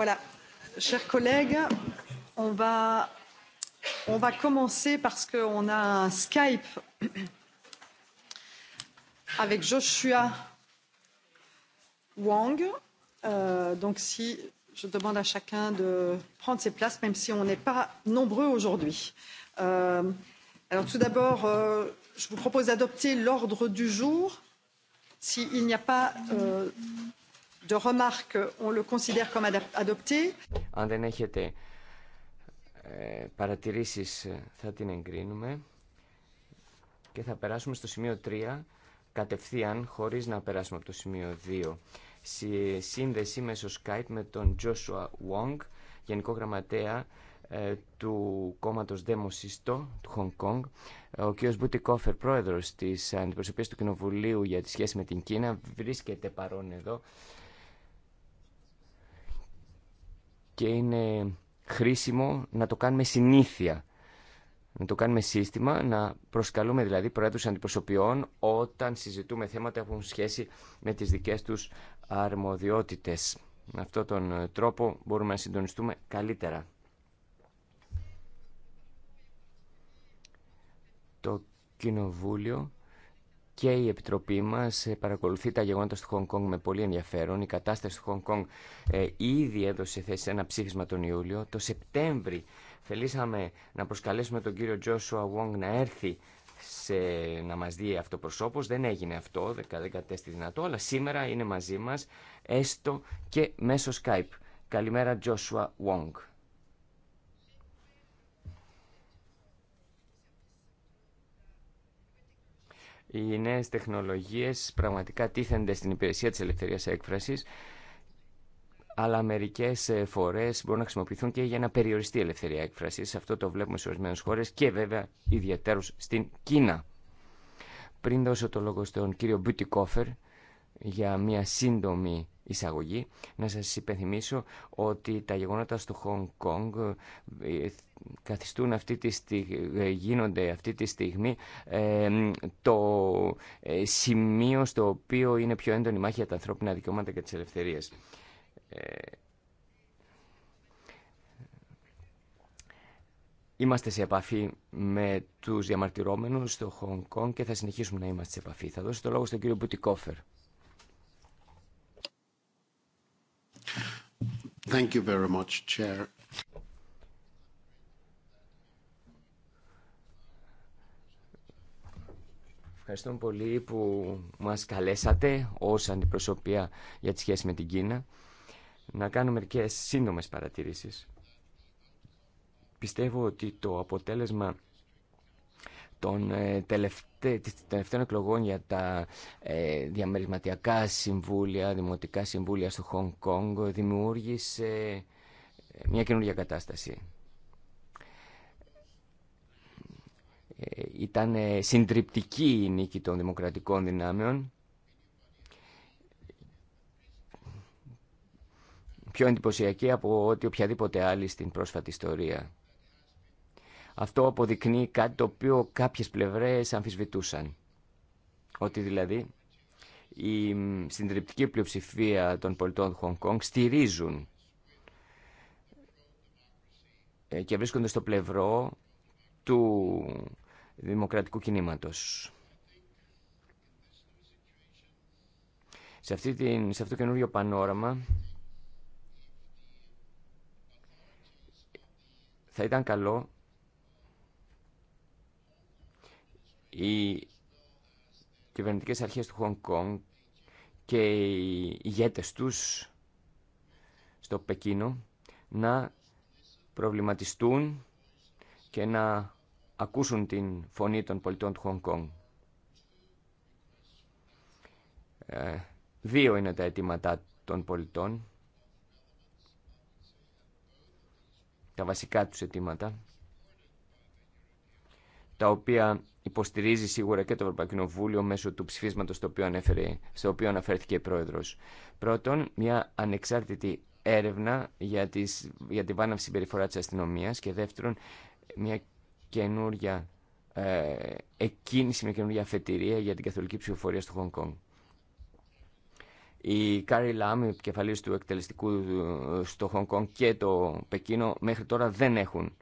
Voilà, chers collègues, on va, on va commencer parce qu'on a un Skype avec Joshua Wang. Euh, donc si je demande à chacun de prendre ses places, même si on n'est pas nombreux aujourd'hui. Euh, alors tout d'abord, je vous propose d'adopter l'ordre du jour. S'il n'y a pas euh, αν δεν έχετε ε, παρατηρήσεις ε, θα την εγκρίνουμε και θα περάσουμε στο σημείο 3 κατευθείαν χωρίς να περάσουμε από το σημείο 2. Στη σύνδεση μέσω Skype με τον Joshua Wong, Γενικό Γραμματέα ε, του κόμματος Δεμοσίστο του Hong Kong ο κ. Κόφερ, πρόεδρος της αντιπροσωπείας του Κοινοβουλίου για τη σχέση με την Κίνα, βρίσκεται παρόν εδώ και είναι χρήσιμο να το κάνουμε συνήθεια. Να το κάνουμε σύστημα, να προσκαλούμε δηλαδή προέδρους αντιπροσωπιών όταν συζητούμε θέματα που έχουν σχέση με τις δικές τους αρμοδιότητες. Με αυτόν τον ε, τρόπο μπορούμε να συντονιστούμε καλύτερα. Το Κοινοβούλιο και η Επιτροπή μας ε, παρακολουθεί τα γεγονότα στο Χονγκ Κονγκ με πολύ ενδιαφέρον. Η κατάσταση του Χονγκ Κονγκ ήδη έδωσε θέση σε ένα ψήφισμα τον Ιούλιο. Το Σεπτέμβρη θελήσαμε να προσκαλέσουμε τον κύριο Τζόσουα Wong να έρθει σε, να μας δει προσώπο. Δεν έγινε αυτό, δεν κατέστη δυνατό, αλλά σήμερα είναι μαζί μας, έστω και μέσω Skype. Καλημέρα Τζόσουα Wong. οι νέες τεχνολογίες πραγματικά τίθενται στην υπηρεσία της ελευθερίας έκφρασης αλλά μερικέ ε, φορέ μπορούν να χρησιμοποιηθούν και για να περιοριστεί η ελευθερία έκφραση. Αυτό το βλέπουμε σε ορισμένε χώρε και βέβαια ιδιαίτερω στην Κίνα. Πριν δώσω το λόγο στον κύριο Μπιουτικόφερ, για μια σύντομη εισαγωγή. Να σας υπενθυμίσω ότι τα γεγονότα στο Χονγκ Κόνγκ ε, καθιστούν αυτή τη στιγμή ε, γίνονται αυτή τη στιγμή ε, το σημείο στο οποίο είναι πιο έντονη μάχη για τα ανθρώπινα δικαιώματα και τις ελευθερίες. Είμαστε σε επαφή με τους διαμαρτυρόμενους στο Χονγκ Κόνγκ και θα συνεχίσουμε να είμαστε σε επαφή. Θα δώσω το λόγο στον κύριο Μπουτικόφερ. Ευχαριστώ πολύ που μας καλέσατε ως αντιπροσωπεία για τη σχέση με την Κίνα. Να κάνω μερικές σύντομες παρατηρήσεις. Πιστεύω ότι το αποτέλεσμα των ε, τελευταί, τελευταίων εκλογών για τα διαμερισματικά διαμερισματιακά συμβούλια, δημοτικά συμβούλια στο Χονγκ Κόνγκ δημιούργησε ε, μια καινούργια κατάσταση. Ε, ήταν συντριπτική η νίκη των δημοκρατικών δυνάμεων. Πιο εντυπωσιακή από ό,τι οποιαδήποτε άλλη στην πρόσφατη ιστορία. Αυτό αποδεικνύει κάτι το οποίο κάποιες πλευρές αμφισβητούσαν. Ότι δηλαδή η συντριπτική πλειοψηφία των πολιτών του Χονγκ Κονγκ στηρίζουν ε, και βρίσκονται στο πλευρό του δημοκρατικού κινήματος. Σε, αυτή την, σε αυτό το καινούριο πανόραμα θα ήταν καλό Οι κυβερνητικές αρχές του Χονγκ Κονγκ και οι ηγέτες τους στο Πεκίνο να προβληματιστούν και να ακούσουν την φωνή των πολιτών του Χονγκ Κονγκ. Ε, δύο είναι τα αιτήματα των πολιτών, τα βασικά τους αιτήματα, τα οποία υποστηρίζει σίγουρα και το Ευρωπαϊκό Κοινοβούλιο μέσω του ψηφίσματος στο οποίο, ανέφερε, στο οποίο αναφέρθηκε η Πρόεδρος. Πρώτον, μια ανεξάρτητη έρευνα για, τις, για τη βάναυση συμπεριφορά της αστυνομίας και δεύτερον, μια καινούρια ε, εκκίνηση, μια καινούργια αφετηρία για την καθολική ψηφοφορία στο Χονγκ Κονγκ. Η Κάρι Λάμ, η του εκτελεστικού στο Χονγκ Κονγκ και το Πεκίνο μέχρι τώρα δεν έχουν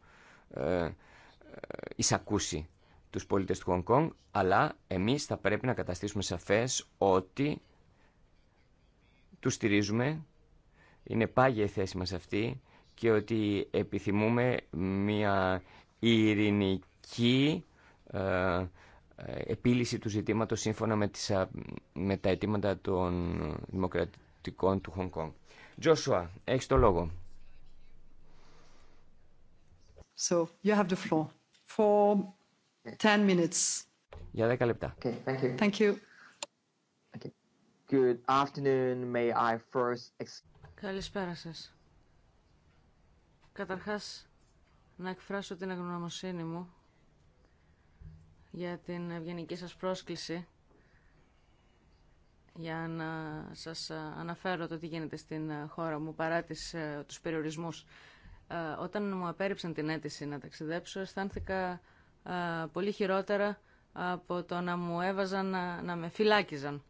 ε, ε, εισακούσει τους πολίτες του Χονγκ Κονγκ, αλλά εμείς θα πρέπει να καταστήσουμε σαφές ότι τους στηρίζουμε, είναι πάγια η θέση μας αυτή και ότι επιθυμούμε μια ειρηνική ε, ε, επίλυση του ζητήματος σύμφωνα με, τις, τα αιτήματα των δημοκρατικών του Χονγκ Κονγκ. Τζόσουα, έχεις το λόγο. So, you have the floor. For 10 minutes. Για 10 λεπτά. Okay, thank you. Thank you. Okay. Good afternoon. May I first... Καλησπέρα σας. Καταρχάς, να εκφράσω την αγνωμοσύνη μου για την ευγενική σας πρόσκληση για να σας ε, αναφέρω το τι γίνεται στην ε, χώρα μου παρά τις, ε, τους περιορισμούς. Όταν μου απέρριψαν την αίτηση να ταξιδέψω, αισθάνθηκα πολύ χειρότερα από το να μου έβαζαν να, να με φυλάκιζαν.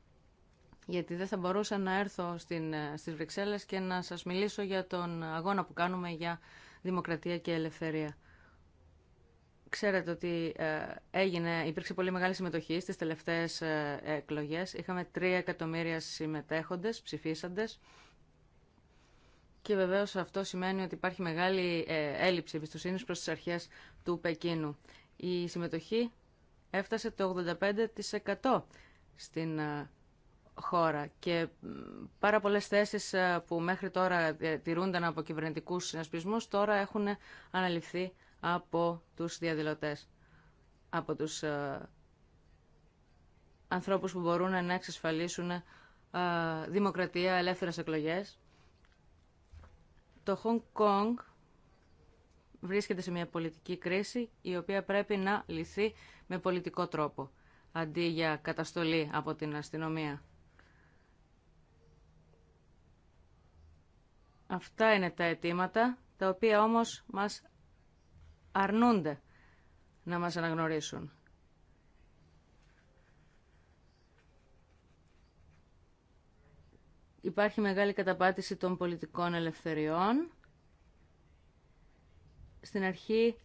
Γιατί δεν θα μπορούσα να έρθω στην, ε, στις Βρυξέλλες και να σας μιλήσω για τον αγώνα που κάνουμε για δημοκρατία και ελευθερία. Ξέρετε ότι ε, έγινε, υπήρξε πολύ μεγάλη συμμετοχή στις τελευταίες ε, εκλογές. Είχαμε 3 εκατομμύρια συμμετέχοντες, ψηφίσαντες. Και βεβαίως αυτό σημαίνει ότι υπάρχει μεγάλη έλλειψη εμπιστοσύνη προς τις αρχές του Πεκίνου η συμμετοχή έφτασε το 85% στην ε, χώρα και πάρα πολλές θέσεις ε, που μέχρι τώρα ε, τηρούνταν από κυβερνητικούς συνασπισμούς τώρα έχουν αναλυφθεί από τους διαδηλωτές, από τους ανθρώπους που μπορούν να εξασφαλίσουν δημοκρατία, ελεύθερες εκλογές. Το Hong Kong βρίσκεται σε μια πολιτική κρίση η οποία πρέπει να λυθεί με πολιτικό τρόπο, αντί για καταστολή από την αστυνομία. Αυτά είναι τα αιτήματα, τα οποία όμως μας αρνούνται να μας αναγνωρίσουν. Υπάρχει μεγάλη καταπάτηση των πολιτικών ελευθεριών στην αρχή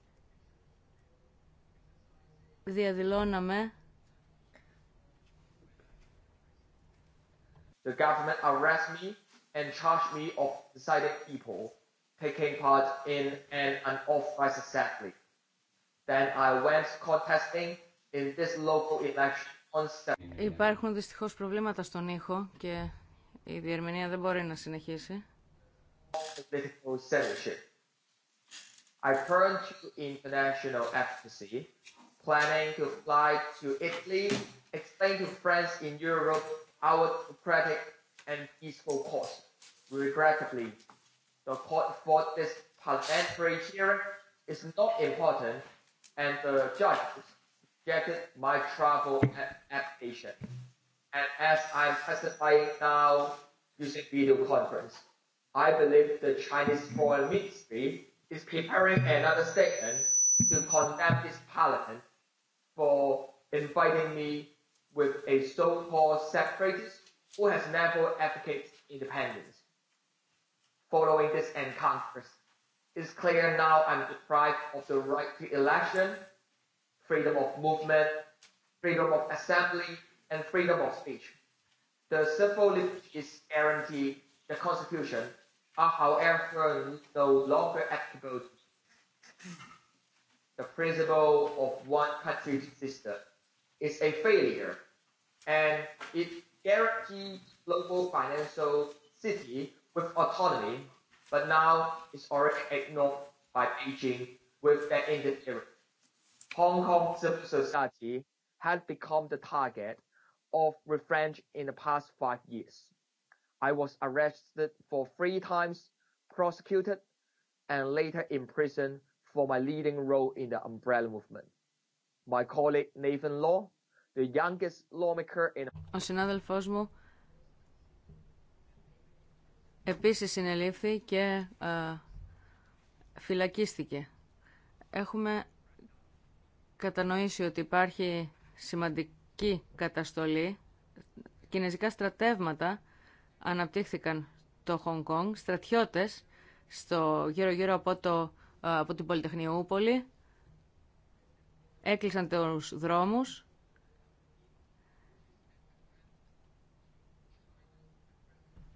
διαδηλώναμε The government arrest me and charge me of decided people taking part in an unauthorized assembly. Then I went contesting in this local election on Υπάρχουν δυστυχώς προβλήματα στον ήχο και η διερμηνία δεν μπορεί να συνεχίσει. Political censorship. I turned to international ecstasy, planning to fly to Italy, explain to friends in Europe our democratic and peaceful cause. Regrettably, the court for this parliamentary hearing is not important, and the judge rejected my travel application. And as I'm testifying now using video conference, I believe the Chinese Foreign Ministry is preparing another statement to condemn this parliament for inviting me with a so-called separatist who has never advocated independence. Following this encounter, it's clear now I'm deprived of the right to election, freedom of movement, freedom of assembly, and freedom of speech. The civil liberties is guaranteed the Constitution are, however, thrown no longer applicable to the principle of one country system is a failure and it guarantees global financial city with autonomy, but now it's already ignored by Beijing with their interference. Hong Kong civil society has become the target of revenge in the past five years. I was arrested for three times, prosecuted, and later imprisoned for my leading role in the umbrella movement. My colleague Nathan Law, the youngest lawmaker in... Ο συνάδελφός μου επίσης συνελήφθη και ε, φυλακίστηκε. Έχουμε κατανοήσει ότι υπάρχει σημαντική καταστολή. Κινέζικα στρατεύματα αναπτύχθηκαν το Χονγκ Κονγκ, στρατιώτες στο γύρω-γύρω από, το, ε, από την Πολυτεχνιούπολη, έκλεισαν τους δρόμους,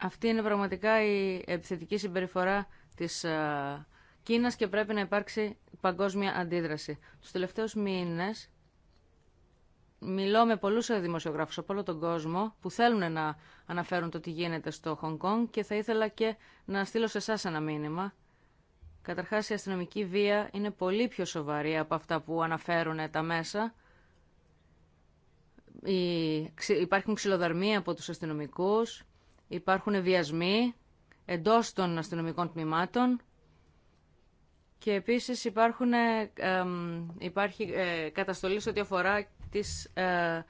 Αυτή είναι πραγματικά η επιθετική συμπεριφορά της ε, Κίνας και πρέπει να υπάρξει παγκόσμια αντίδραση. Τους τελευταίους μήνες Μιλώ με πολλού δημοσιογραφού από όλο τον κόσμο που θέλουν να αναφέρουν το τι γίνεται στο Χονγκ Κονγκ και θα ήθελα και να στείλω σε εσά ένα μήνυμα. Καταρχάς η αστυνομική βία είναι πολύ πιο σοβαρή από αυτά που αναφέρουν τα μέσα. Υπάρχουν ξυλοδαρμοί από τους αστυνομικού, υπάρχουν βιασμοί εντό των αστυνομικών τμήματων και επίσης υπάρχουν, υπάρχει ε, καταστολή σε ό,τι αφορά τις ε,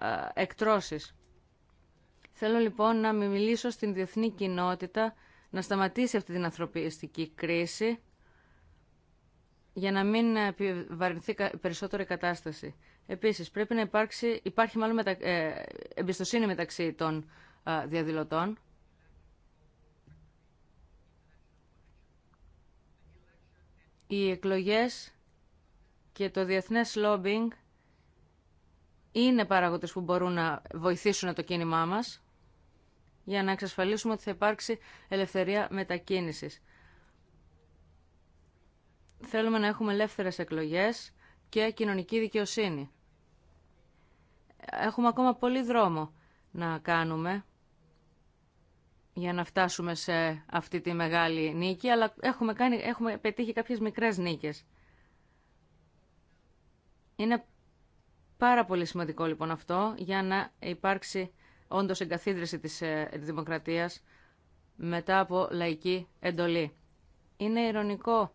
ε, εκτρώσεις. Θέλω λοιπόν να μιλήσω στην διεθνή κοινότητα να σταματήσει αυτή την ανθρωπιστική κρίση για να μην βαρυνθεί περισσότερη κατάσταση. Επίσης, πρέπει να υπάρξει, υπάρχει μάλλον μετα, ε, εμπιστοσύνη μεταξύ των διαδηλωτών. Οι εκλογές και το διεθνές lobbying είναι παραγωγέ που μπορούν να βοηθήσουν το κίνημά μας για να εξασφαλίσουμε ότι θα υπάρξει ελευθερία μετακίνηση. Θέλουμε να έχουμε ελεύθερες εκλογές και κοινωνική δικαιοσύνη. Έχουμε ακόμα πολύ δρόμο να κάνουμε για να φτάσουμε σε αυτή τη μεγάλη νίκη, αλλά έχουμε, κάνει, έχουμε πετύχει κάποιες μικρές νίκες. Είναι Πάρα πολύ σημαντικό λοιπόν αυτό για να υπάρξει όντως εγκαθίδρυση της ε, δημοκρατίας μετά από λαϊκή εντολή. Είναι ηρωνικό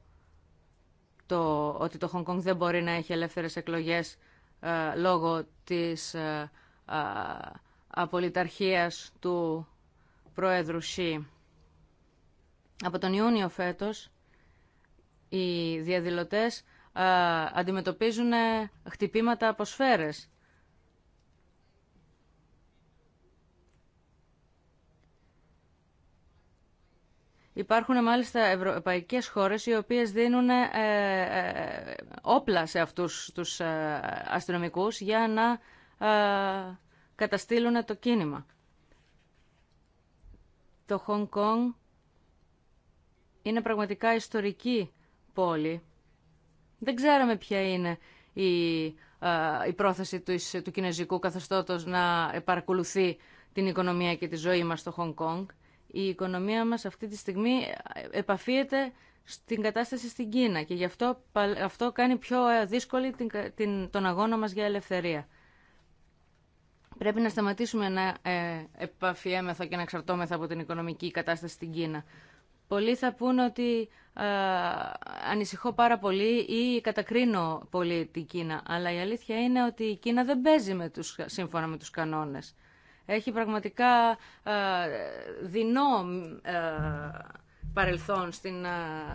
το ότι το Χονγκ δεν μπορεί να έχει ελεύθερες εκλογές ε, λόγω της ε, απολυταρχίας του Πρόεδρου Σι. Από τον Ιούνιο φέτος οι διαδηλωτές ε, αντιμετωπίζουν χτυπήματα από σφαίρες. Υπάρχουν μάλιστα ευρωπαϊκές χώρες οι οποίες δίνουν ε, ε, ε όπλα σε αυτούς τους ε, για να καταστήλουν το κίνημα. Το Χονγκ Κόνγκ είναι πραγματικά ιστορική πόλη δεν ξέραμε ποια είναι η, η πρόθεση του, του κινέζικου καθεστώτος να παρακολουθεί την οικονομία και τη ζωή μας στο Χονγκ Κόνγκ. Η οικονομία μας αυτή τη στιγμή επαφίεται στην κατάσταση στην Κίνα και γι' αυτό, αυτό κάνει πιο ε, δύσκολη την, τον αγώνα μας για ελευθερία. Πρέπει να σταματήσουμε να ε, επαφιέμεθα και να εξαρτώμεθα από την οικονομική κατάσταση στην Κίνα. Πολλοί θα πούν ότι ανησυχώ πάρα πολύ ή κατακρίνω πολύ την Κίνα. Αλλά η αλήθεια είναι ότι η Κίνα δεν παίζει με τους, σύμφωνα με τους κανόνες. Έχει πραγματικά α, δεινό παρελθόν στην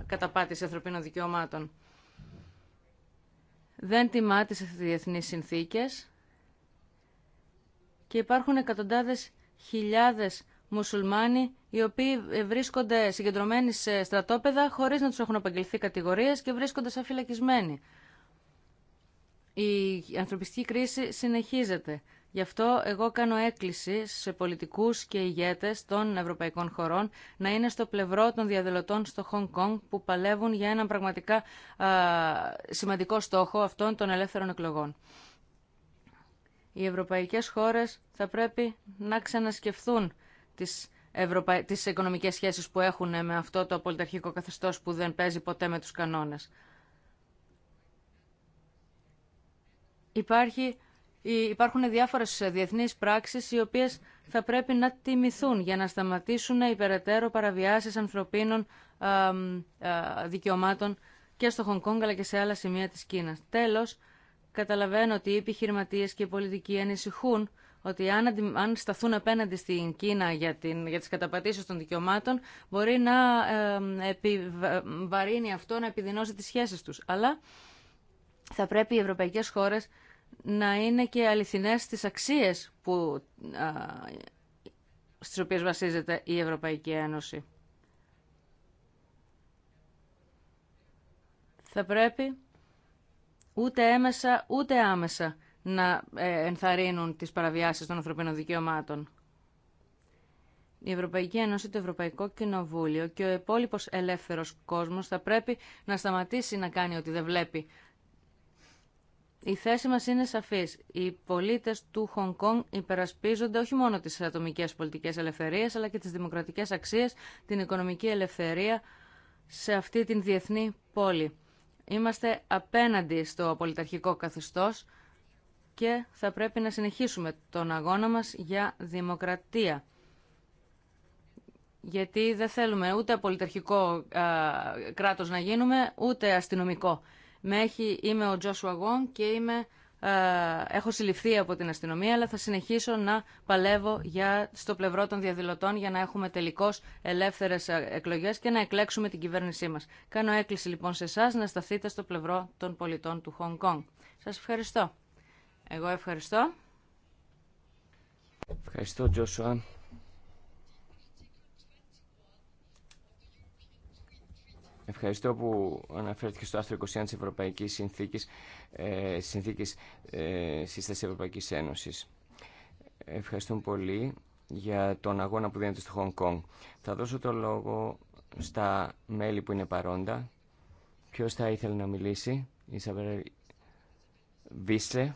καταπάτηση ανθρωπίνων δικαιωμάτων. Δεν τιμά τις διεθνείς συνθήκες και υπάρχουν εκατοντάδες χιλιάδες μουσουλμάνοι οι οποίοι ε, βρίσκονται συγκεντρωμένοι σε στρατόπεδα χωρίς να τους έχουν απαγγελθεί κατηγορίες και βρίσκονται σαν φυλακισμένοι. Η ανθρωπιστική κρίση συνεχίζεται. Γι' αυτό εγώ κάνω έκκληση σε πολιτικούς και ηγέτες των ευρωπαϊκών χωρών να είναι στο πλευρό των διαδελωτών στο Χονγκ Κονγκ που παλεύουν για έναν πραγματικά α, σημαντικό στόχο αυτών των ελεύθερων εκλογών. Οι ευρωπαϊκές χώρες θα πρέπει να ξανασκεφθούν τις, ευρωπα... τις οικονομικές σχέσεις που έχουν με αυτό το πολιταρχικό καθεστώς που δεν παίζει ποτέ με τους κανόνες. Υπάρχει υπάρχουν διάφορες διεθνείς πράξεις οι οποίες θα πρέπει να τιμηθούν για να σταματήσουν υπεραιτέρω παραβιάσεις ανθρωπίνων δικαιωμάτων και στο Χονγκ αλλά και σε άλλα σημεία της Κίνας. Τέλος, καταλαβαίνω ότι οι επιχειρηματίε και οι πολιτικοί ανησυχούν ότι αν, αν σταθούν απέναντι στην Κίνα για, την, για τις καταπατήσεις των δικαιωμάτων μπορεί να επιβαρύνει αυτό, να επιδεινώσει τις σχέσεις τους. Αλλά θα πρέπει οι ευρωπαϊκές χώρες να είναι και αληθινές στις αξίες που, α, στις οποίες βασίζεται η Ευρωπαϊκή Ένωση. Θα πρέπει ούτε έμεσα ούτε άμεσα να ε, ενθαρρύνουν τις παραβιάσεις των ανθρωπίνων δικαιωμάτων. Η Ευρωπαϊκή Ένωση, το Ευρωπαϊκό Κοινοβούλιο και ο υπόλοιπο ελεύθερος κόσμος θα πρέπει να σταματήσει να κάνει ότι δεν βλέπει. Η θέση μας είναι σαφής. Οι πολίτες του Χονγκ Κονγκ υπερασπίζονται όχι μόνο τις ατομικές πολιτικές ελευθερίες, αλλά και τις δημοκρατικές αξίες, την οικονομική ελευθερία σε αυτή την διεθνή πόλη. Είμαστε απέναντι στο πολιταρχικό καθεστώς και θα πρέπει να συνεχίσουμε τον αγώνα μας για δημοκρατία. Γιατί δεν θέλουμε ούτε πολιτερχικό κράτος να γίνουμε, ούτε αστυνομικό. Με είμαι ο Τζόσουα Γουόν και έχω συλληφθεί από την αστυνομία, αλλά θα συνεχίσω να παλεύω για, στο πλευρό των διαδηλωτών για να έχουμε τελικώς ελεύθερες εκλογές και να εκλέξουμε την κυβέρνησή μας. Κάνω έκκληση λοιπόν σε εσά να σταθείτε στο πλευρό των πολιτών του Χονγκ Κόνγκ. Σας ευχαριστώ. Εγώ ευχαριστώ. Ευχαριστώ, Τζόσουα. Ευχαριστώ που αναφέρθηκε στο άρθρο 21 της Ευρωπαϊκής Συνθήκης, ε, συνθήκης ε, Ευρωπαϊκής Ένωσης. Ευχαριστούμε πολύ για τον αγώνα που δίνεται στο Χονγκ Κονγκ. Θα δώσω το λόγο στα μέλη που είναι παρόντα. Ποιος θα ήθελε να μιλήσει, Ισαβέρα Βίσλε.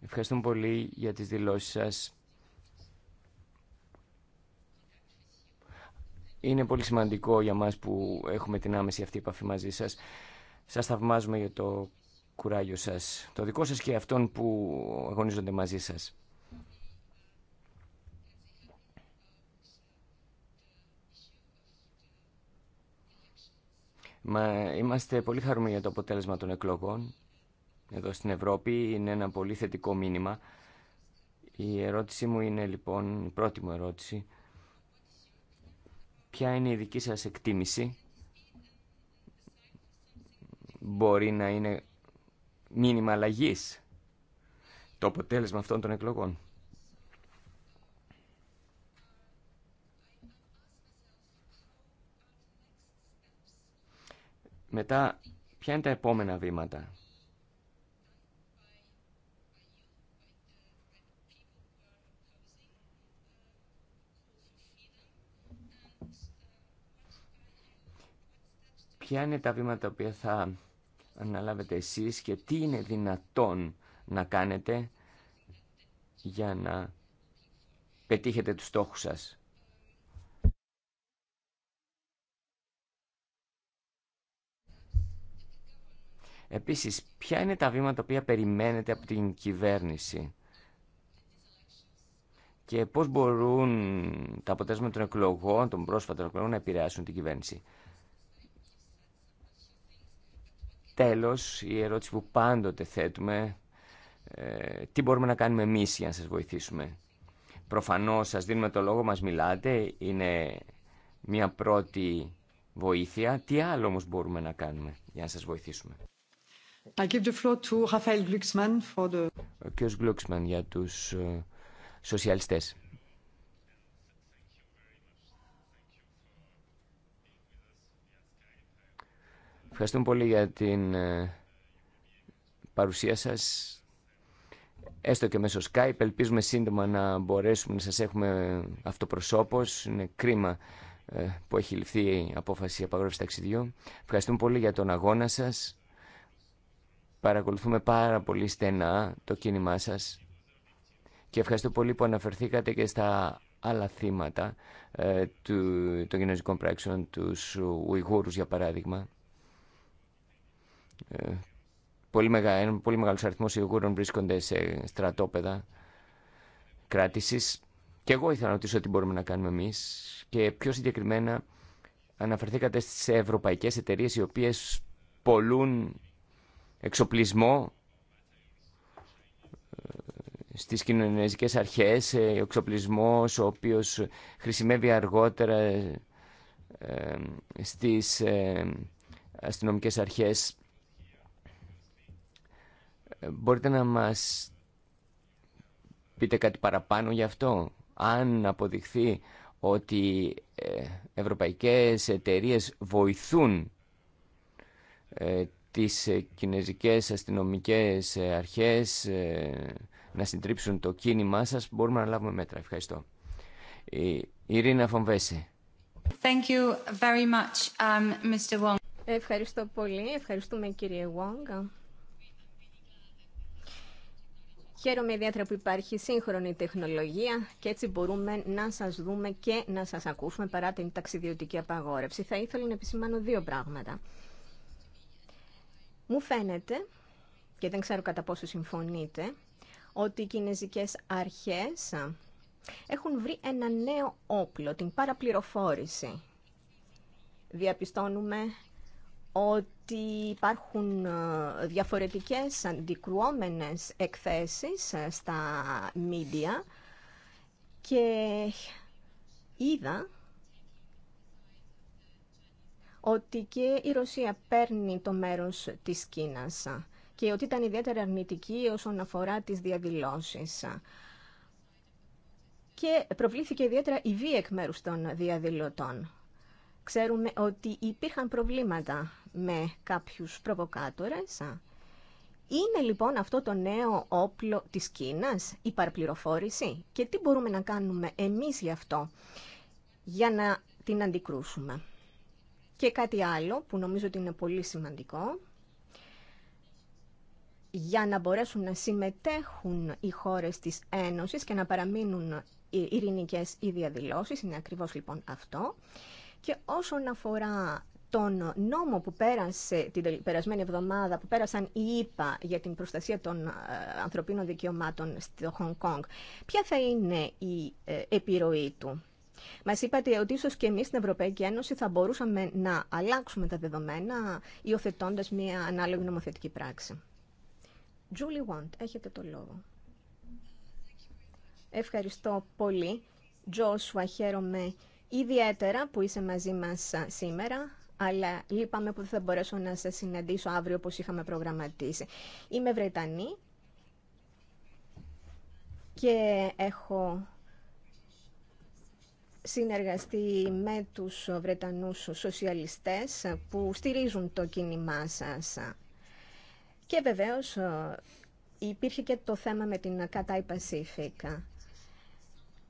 Ευχαριστούμε πολύ για τις δηλώσεις σας. Είναι πολύ σημαντικό για μας που έχουμε την άμεση αυτή επαφή μαζί σας. Σας θαυμάζουμε για το κουράγιο σας, το δικό σας και αυτόν που αγωνίζονται μαζί σας. Μα είμαστε πολύ χαρούμενοι για το αποτέλεσμα των εκλογών εδώ στην Ευρώπη είναι ένα πολύ θετικό μήνυμα. Η ερώτησή μου είναι λοιπόν, η πρώτη μου ερώτηση, ποια είναι η δική σας εκτίμηση μπορεί να είναι μήνυμα αλλαγή το αποτέλεσμα αυτών των εκλογών. Μετά, ποια είναι τα επόμενα βήματα Ποια είναι τα βήματα τα οποία θα αναλάβετε εσείς και τι είναι δυνατόν να κάνετε για να πετύχετε τους στόχους σας. Επίσης, ποια είναι τα βήματα τα οποία περιμένετε από την κυβέρνηση και πώς μπορούν τα αποτέλεσμα των εκλογών, των πρόσφατων εκλογών, να επηρεάσουν την κυβέρνηση. Τέλος, η ερώτηση που πάντοτε θέτουμε, ε, τι μπορούμε να κάνουμε εμείς για να σας βοηθήσουμε. Προφανώς σας δίνουμε το λόγο, μας μιλάτε, είναι μια πρώτη βοήθεια. Τι άλλο όμως μπορούμε να κάνουμε για να σας βοηθήσουμε. I give the floor to for the... Ο κ. Γκλουξμαν για τους ε, σοσιαλιστές. Ευχαριστούμε πολύ για την ε, παρουσία σας έστω και μέσω Skype. Ελπίζουμε σύντομα να μπορέσουμε να σας έχουμε αυτοπροσώπως. Είναι κρίμα ε, που έχει ληφθεί η απόφαση απαγόρευση ταξιδιού. Ευχαριστούμε πολύ για τον αγώνα σας. Παρακολουθούμε πάρα πολύ στενά το κίνημά σας. Και ευχαριστώ πολύ που αναφερθήκατε και στα άλλα θύματα ε, του, των γενεζικών πράξεων, τους Ουιγούρους για παράδειγμα. Ε, πολύ μεγα, ένα πολύ μεγάλος αριθμός σιγουρών βρίσκονται σε στρατόπεδα κράτηση, Και εγώ ήθελα να ρωτήσω τι μπορούμε να κάνουμε εμείς και πιο συγκεκριμένα αναφερθήκατε στις ευρωπαϊκές εταιρείε, οι οποίες πολλούν εξοπλισμό ε, στις κοινωνικές αρχές, ε, εξοπλισμός ο οποίος χρησιμεύει αργότερα στις αστυνομικές αρχές Μπορείτε να μας πείτε κάτι παραπάνω γι' αυτό. Αν αποδειχθεί ότι ε, ευρωπαϊκές εταιρείες βοηθούν ε, τις κινέζικες αστυνομικές αρχές ε, να συντρίψουν το κίνημά σας, μπορούμε να λάβουμε μέτρα. Ευχαριστώ. Η Ειρήνα Φομβέση. Thank you very much, Mr. Um, Ευχαριστώ πολύ. Ευχαριστούμε κύριε Wong Χαίρομαι ιδιαίτερα που υπάρχει σύγχρονη τεχνολογία και έτσι μπορούμε να σας δούμε και να σας ακούσουμε παρά την ταξιδιωτική απαγόρευση. Θα ήθελα να επισημάνω δύο πράγματα. Μου φαίνεται, και δεν ξέρω κατά πόσο συμφωνείτε, ότι οι κινέζικες αρχές έχουν βρει ένα νέο όπλο, την παραπληροφόρηση. Διαπιστώνουμε ότι υπάρχουν ε, διαφορετικές αντικρουόμενες εκθέσεις ε, στα μίντια και είδα ότι και η Ρωσία παίρνει το μέρος της Κίνας και ότι ήταν ιδιαίτερα αρνητική όσον αφορά τις διαδηλώσεις. Και προβλήθηκε ιδιαίτερα η βία εκ μέρους των διαδηλωτών. Ξέρουμε ότι υπήρχαν προβλήματα με κάποιους προβοκάτορες. Είναι λοιπόν αυτό το νέο όπλο της Κίνας, η παραπληροφόρηση. Και τι μπορούμε να κάνουμε εμείς γι' αυτό, για να την αντικρούσουμε. Και κάτι άλλο που νομίζω ότι είναι πολύ σημαντικό, για να μπορέσουν να συμμετέχουν οι χώρες της Ένωσης και να παραμείνουν ειρηνικές οι διαδηλώσεις, είναι ακριβώς λοιπόν αυτό. Και όσον αφορά τον νόμο που πέρασε την περασμένη εβδομάδα, που πέρασαν οι ΙΠΑ για την προστασία των ε, ανθρωπίνων δικαιωμάτων στο Χονγκ Κονγκ, ποια θα είναι η ε, επιρροή του. Μα είπατε ότι ίσω και εμεί στην Ευρωπαϊκή Ένωση θα μπορούσαμε να αλλάξουμε τα δεδομένα υιοθετώντα μια ανάλογη νομοθετική πράξη. Julie έχετε το λόγο. Ευχαριστώ πολύ. Τζόσουα, χαίρομαι Ιδιαίτερα που είσαι μαζί μας σήμερα, αλλά λυπάμαι που δεν θα μπορέσω να σε συναντήσω αύριο όπως είχαμε προγραμματίσει. Είμαι Βρετανή και έχω συνεργαστεί με τους Βρετανούς σοσιαλιστές που στηρίζουν το κίνημά σας. Και βεβαίως ε, υπήρχε και το θέμα με την Κατάι Πασίφικα.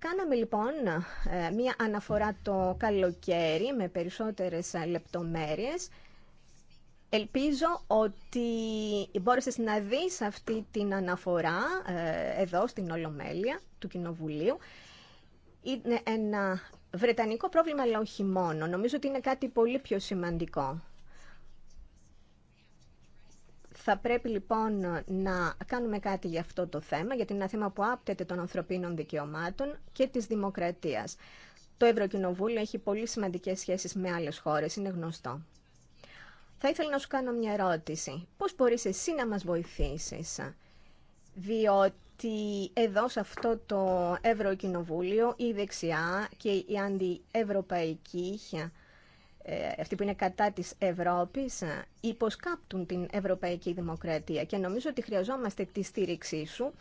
Κάναμε λοιπόν ε, μία αναφορά το καλοκαίρι με περισσότερες ε, λεπτομέρειες. Ελπίζω ότι μπόρεσες να δεις αυτή την αναφορά ε, εδώ στην Ολομέλεια του Κοινοβουλίου. Είναι ένα βρετανικό πρόβλημα, αλλά όχι μόνο. Νομίζω ότι είναι κάτι πολύ πιο σημαντικό. Θα πρέπει λοιπόν να κάνουμε κάτι για αυτό το θέμα, γιατί είναι ένα θέμα που άπτεται των ανθρωπίνων δικαιωμάτων και της δημοκρατίας. Το Ευρωκοινοβούλιο έχει πολύ σημαντικές σχέσεις με άλλες χώρες, είναι γνωστό. Θα ήθελα να σου κάνω μια ερώτηση. Πώς μπορείς εσύ να μας βοηθήσεις, διότι εδώ σε αυτό το Ευρωκοινοβούλιο η δεξιά και η αντιευρωπαϊκή ε, αυτοί που είναι κατά της Ευρώπης υποσκάπτουν την ευρωπαϊκή δημοκρατία και νομίζω ότι χρειαζόμαστε τη στήριξή σου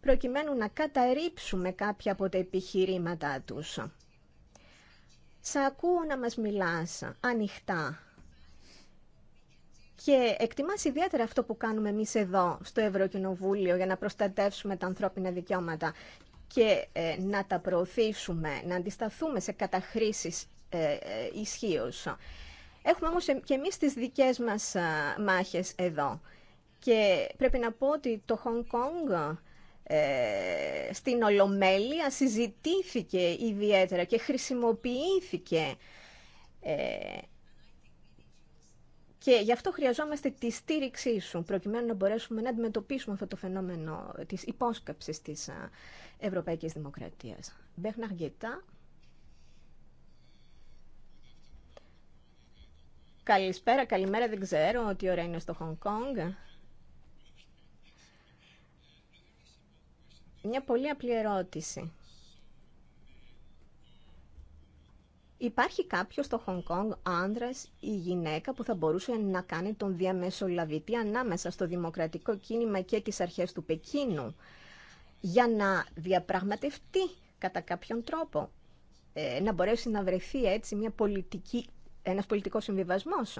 προκειμένου να καταρρύψουμε κάποια από τα επιχειρήματά τους. Σα ακούω να μας μιλάς ανοιχτά και εκτιμάς ιδιαίτερα αυτό που κάνουμε εμείς εδώ στο Ευρωκοινοβούλιο για να προστατεύσουμε τα ανθρώπινα δικαιώματα και ε, να τα προωθήσουμε, να αντισταθούμε σε καταχρήσεις ε, ε, ισχύω. Έχουμε όμως και εμείς τις δικές μας μάχες εδώ. Και πρέπει να πω ότι το Hong ε, στην Ολομέλεια συζητήθηκε ιδιαίτερα και χρησιμοποιήθηκε. και γι' αυτό χρειαζόμαστε τη στήριξή σου, προκειμένου να μπορέσουμε να αντιμετωπίσουμε αυτό το φαινόμενο της υπόσκαψης της Ευρωπαϊκής Δημοκρατίας. Μπέχναρ Καλησπέρα, καλημέρα, δεν ξέρω τι ώρα είναι στο Χονγκ Κόνγκ. Μια πολύ απλή ερώτηση. Υπάρχει κάποιο στο Χονγκ Κόνγκ άντρα ή γυναίκα που θα μπορούσε να κάνει τον διαμεσολαβητή ανάμεσα στο δημοκρατικό κίνημα και τις αρχές του Πεκίνου για να διαπραγματευτεί κατά κάποιον τρόπο, ε, να μπορέσει να βρεθεί έτσι μια πολιτική ένας πολιτικός συμβιβασμός.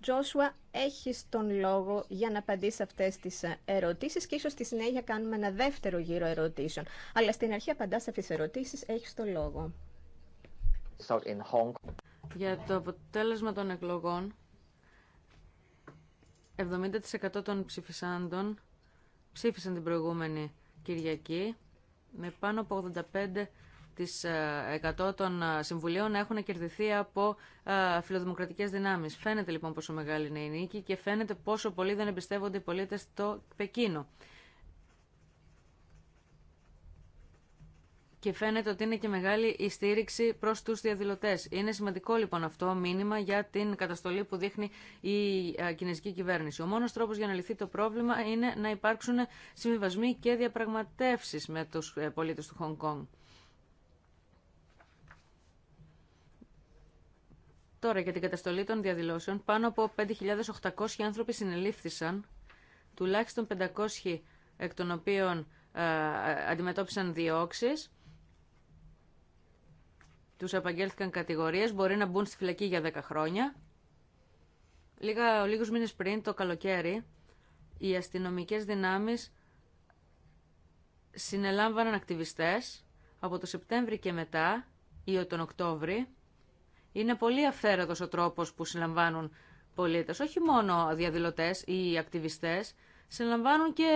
Τζόσουα, έχει τον λόγο για να απαντήσει αυτέ τι ε, ερωτήσει και ίσω στη συνέχεια κάνουμε ένα δεύτερο γύρο ερωτήσεων. Αλλά στην αρχή απαντά αυτέ τι ερωτήσει, έχει τον λόγο. Για το αποτέλεσμα των εκλογών, 70% των ψηφισάντων ψήφισαν την προηγούμενη Κυριακή με πάνω από 85 100 ε, των ε, συμβουλίων έχουν κερδιθεί από ε, φιλοδημοκρατικέ δυνάμει. Φαίνεται λοιπόν πόσο μεγάλη είναι η νίκη και φαίνεται πόσο πολύ δεν εμπιστεύονται οι πολίτε στο Πεκίνο. και φαίνεται ότι είναι και μεγάλη η στήριξη προ του διαδηλωτέ. Είναι σημαντικό λοιπόν αυτό μήνυμα για την καταστολή που δείχνει η κινέζικη κυβέρνηση. Ο μόνο τρόπο για να λυθεί το πρόβλημα είναι να υπάρξουν συμβιβασμοί και διαπραγματεύσει με του πολίτε του Χονγκ Κόνγκ. Τώρα για την καταστολή των διαδηλώσεων, πάνω από 5.800 άνθρωποι συνελήφθησαν, τουλάχιστον 500 εκ των οποίων ε, αντιμετώπισαν διώξεις, τους απαγγέλθηκαν κατηγορίες, μπορεί να μπουν στη φυλακή για 10 χρόνια. Λίγα, λίγους μήνες πριν, το καλοκαίρι, οι αστυνομικές δυνάμεις συνελάμβαναν ακτιβιστές από το Σεπτέμβρη και μετά ή τον Οκτώβρη είναι πολύ αυθαίρετο ο τρόπος που συλλαμβάνουν πολίτες. Όχι μόνο διαδηλωτές ή ακτιβιστε συλλαμβάνουν και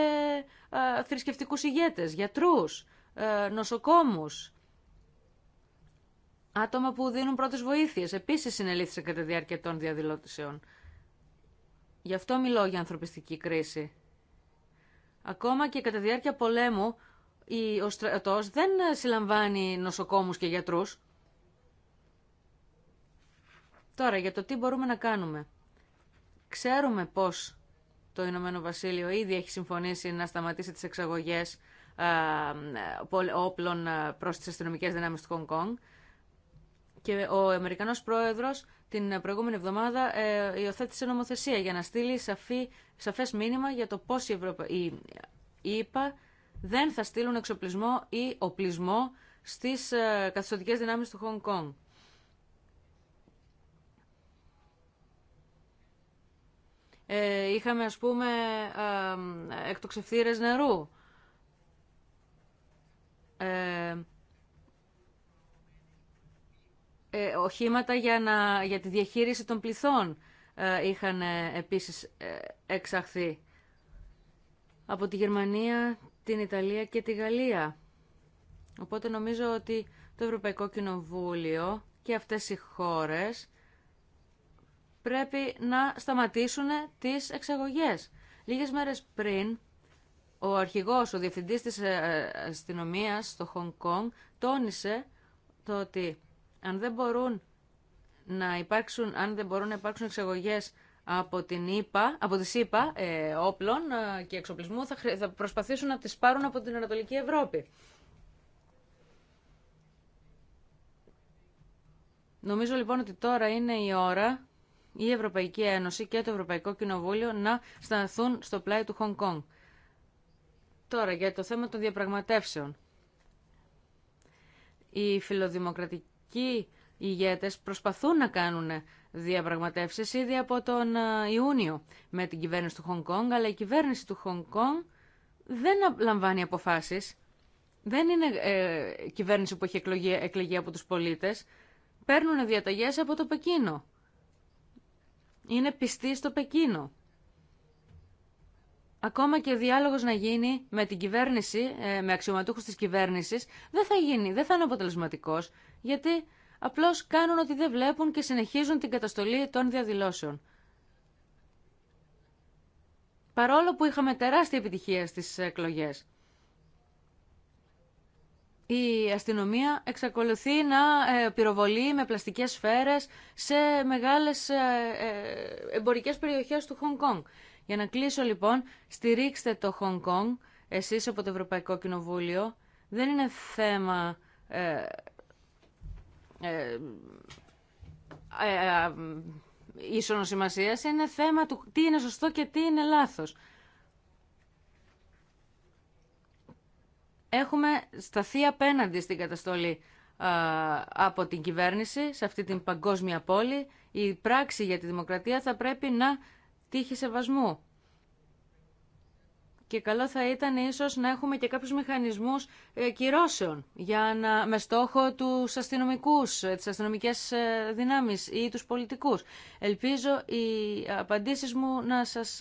θρησκευτικού θρησκευτικούς γιατρού, γιατρούς, ε, νοσοκόμους, άτομα που δίνουν πρώτες βοήθειες. Επίσης συνελήφθησαν κατά τη διάρκεια των διαδηλώσεων. Γι' αυτό μιλώ για ανθρωπιστική κρίση. Ακόμα και κατά τη διάρκεια πολέμου, ο στρατό δεν συλλαμβάνει νοσοκόμου και γιατρού. Τώρα, για το τι μπορούμε να κάνουμε. Ξέρουμε πώς το Ηνωμένο Βασίλειο ήδη έχει συμφωνήσει να σταματήσει τις εξαγωγές όπλων προς τις αστυνομικέ δυνάμεις του Χονγκ Κονγκ. Και ο Αμερικανός Πρόεδρος την προηγούμενη εβδομάδα ε, υιοθέτησε νομοθεσία για να στείλει σαφή, σαφές μήνυμα για το πώς η, Ευρωπα... δεν θα στείλουν εξοπλισμό ή οπλισμό στις ε, δυνάμεις του Χονγκ Κονγκ. Ε, είχαμε ας πούμε ε, εκτοξευθύρες νερού. Ε, οχήματα για, να, για τη διαχείριση των πληθών είχαν επίσης εξαχθεί από τη Γερμανία, την Ιταλία και τη Γαλλία. Οπότε νομίζω ότι το Ευρωπαϊκό Κοινοβούλιο και αυτές οι χώρες πρέπει να σταματήσουν τις εξαγωγές. Λίγες μέρες πριν, ο αρχηγός, ο διευθυντής της ε, αστυνομία στο Χονγκ Κονγκ τόνισε το ότι αν δεν μπορούν να υπάρξουν, αν δεν μπορούν να υπάρξουν εξαγωγές από, την ΙΠΑ, από τις ΗΠΑ ε, όπλων ε, και εξοπλισμού θα, θα προσπαθήσουν να τις πάρουν από την Ανατολική Ευρώπη. Νομίζω λοιπόν ότι τώρα είναι η ώρα η Ευρωπαϊκή Ένωση και το Ευρωπαϊκό Κοινοβούλιο να σταθούν στο πλάι του Χονγκ Κονγκ. Τώρα, για το θέμα των διαπραγματεύσεων. Οι φιλοδημοκρατικοί ηγέτες προσπαθούν να κάνουν διαπραγματεύσεις ήδη από τον ε, Ιούνιο με την κυβέρνηση του Χονγκ Κονγκ, αλλά η κυβέρνηση του Χονγκ Κονγκ δεν λαμβάνει αποφάσεις. Δεν είναι ε, κυβέρνηση που έχει εκλεγεί από τους πολίτες. Παίρνουν διαταγές από το Πεκίνο είναι πιστή στο Πεκίνο. Ακόμα και ο διάλογος να γίνει με την κυβέρνηση, ε, με αξιωματούχους της κυβέρνησης, δεν θα γίνει, δεν θα είναι αποτελεσματικό, γιατί απλώς κάνουν ότι δεν βλέπουν και συνεχίζουν την καταστολή των διαδηλώσεων. Παρόλο που είχαμε τεράστια επιτυχία στις εκλογές η αστυνομία εξακολουθεί να πυροβολεί με πλαστικές σφαίρες σε μεγάλες εμπορικές περιοχές του Χονγκ Κονγκ. Για να κλείσω λοιπόν, στηρίξτε το Χονγκ Κονγκ, εσείς από το Ευρωπαϊκό Κοινοβούλιο. Δεν είναι θέμα ε, ε, ε, είναι θέμα του τι είναι σωστό και τι είναι λάθος. έχουμε σταθεί απέναντι στην καταστολή από την κυβέρνηση σε αυτή την παγκόσμια πόλη. Η πράξη για τη δημοκρατία θα πρέπει να τύχει σεβασμού. Και καλό θα ήταν ίσως να έχουμε και κάποιους μηχανισμούς ε, κυρώσεων για να, με στόχο τους αστυνομικούς, ε, τις αστυνομικές ε, δυνάμεις ή τους πολιτικούς. Ελπίζω οι απαντήσεις μου να σας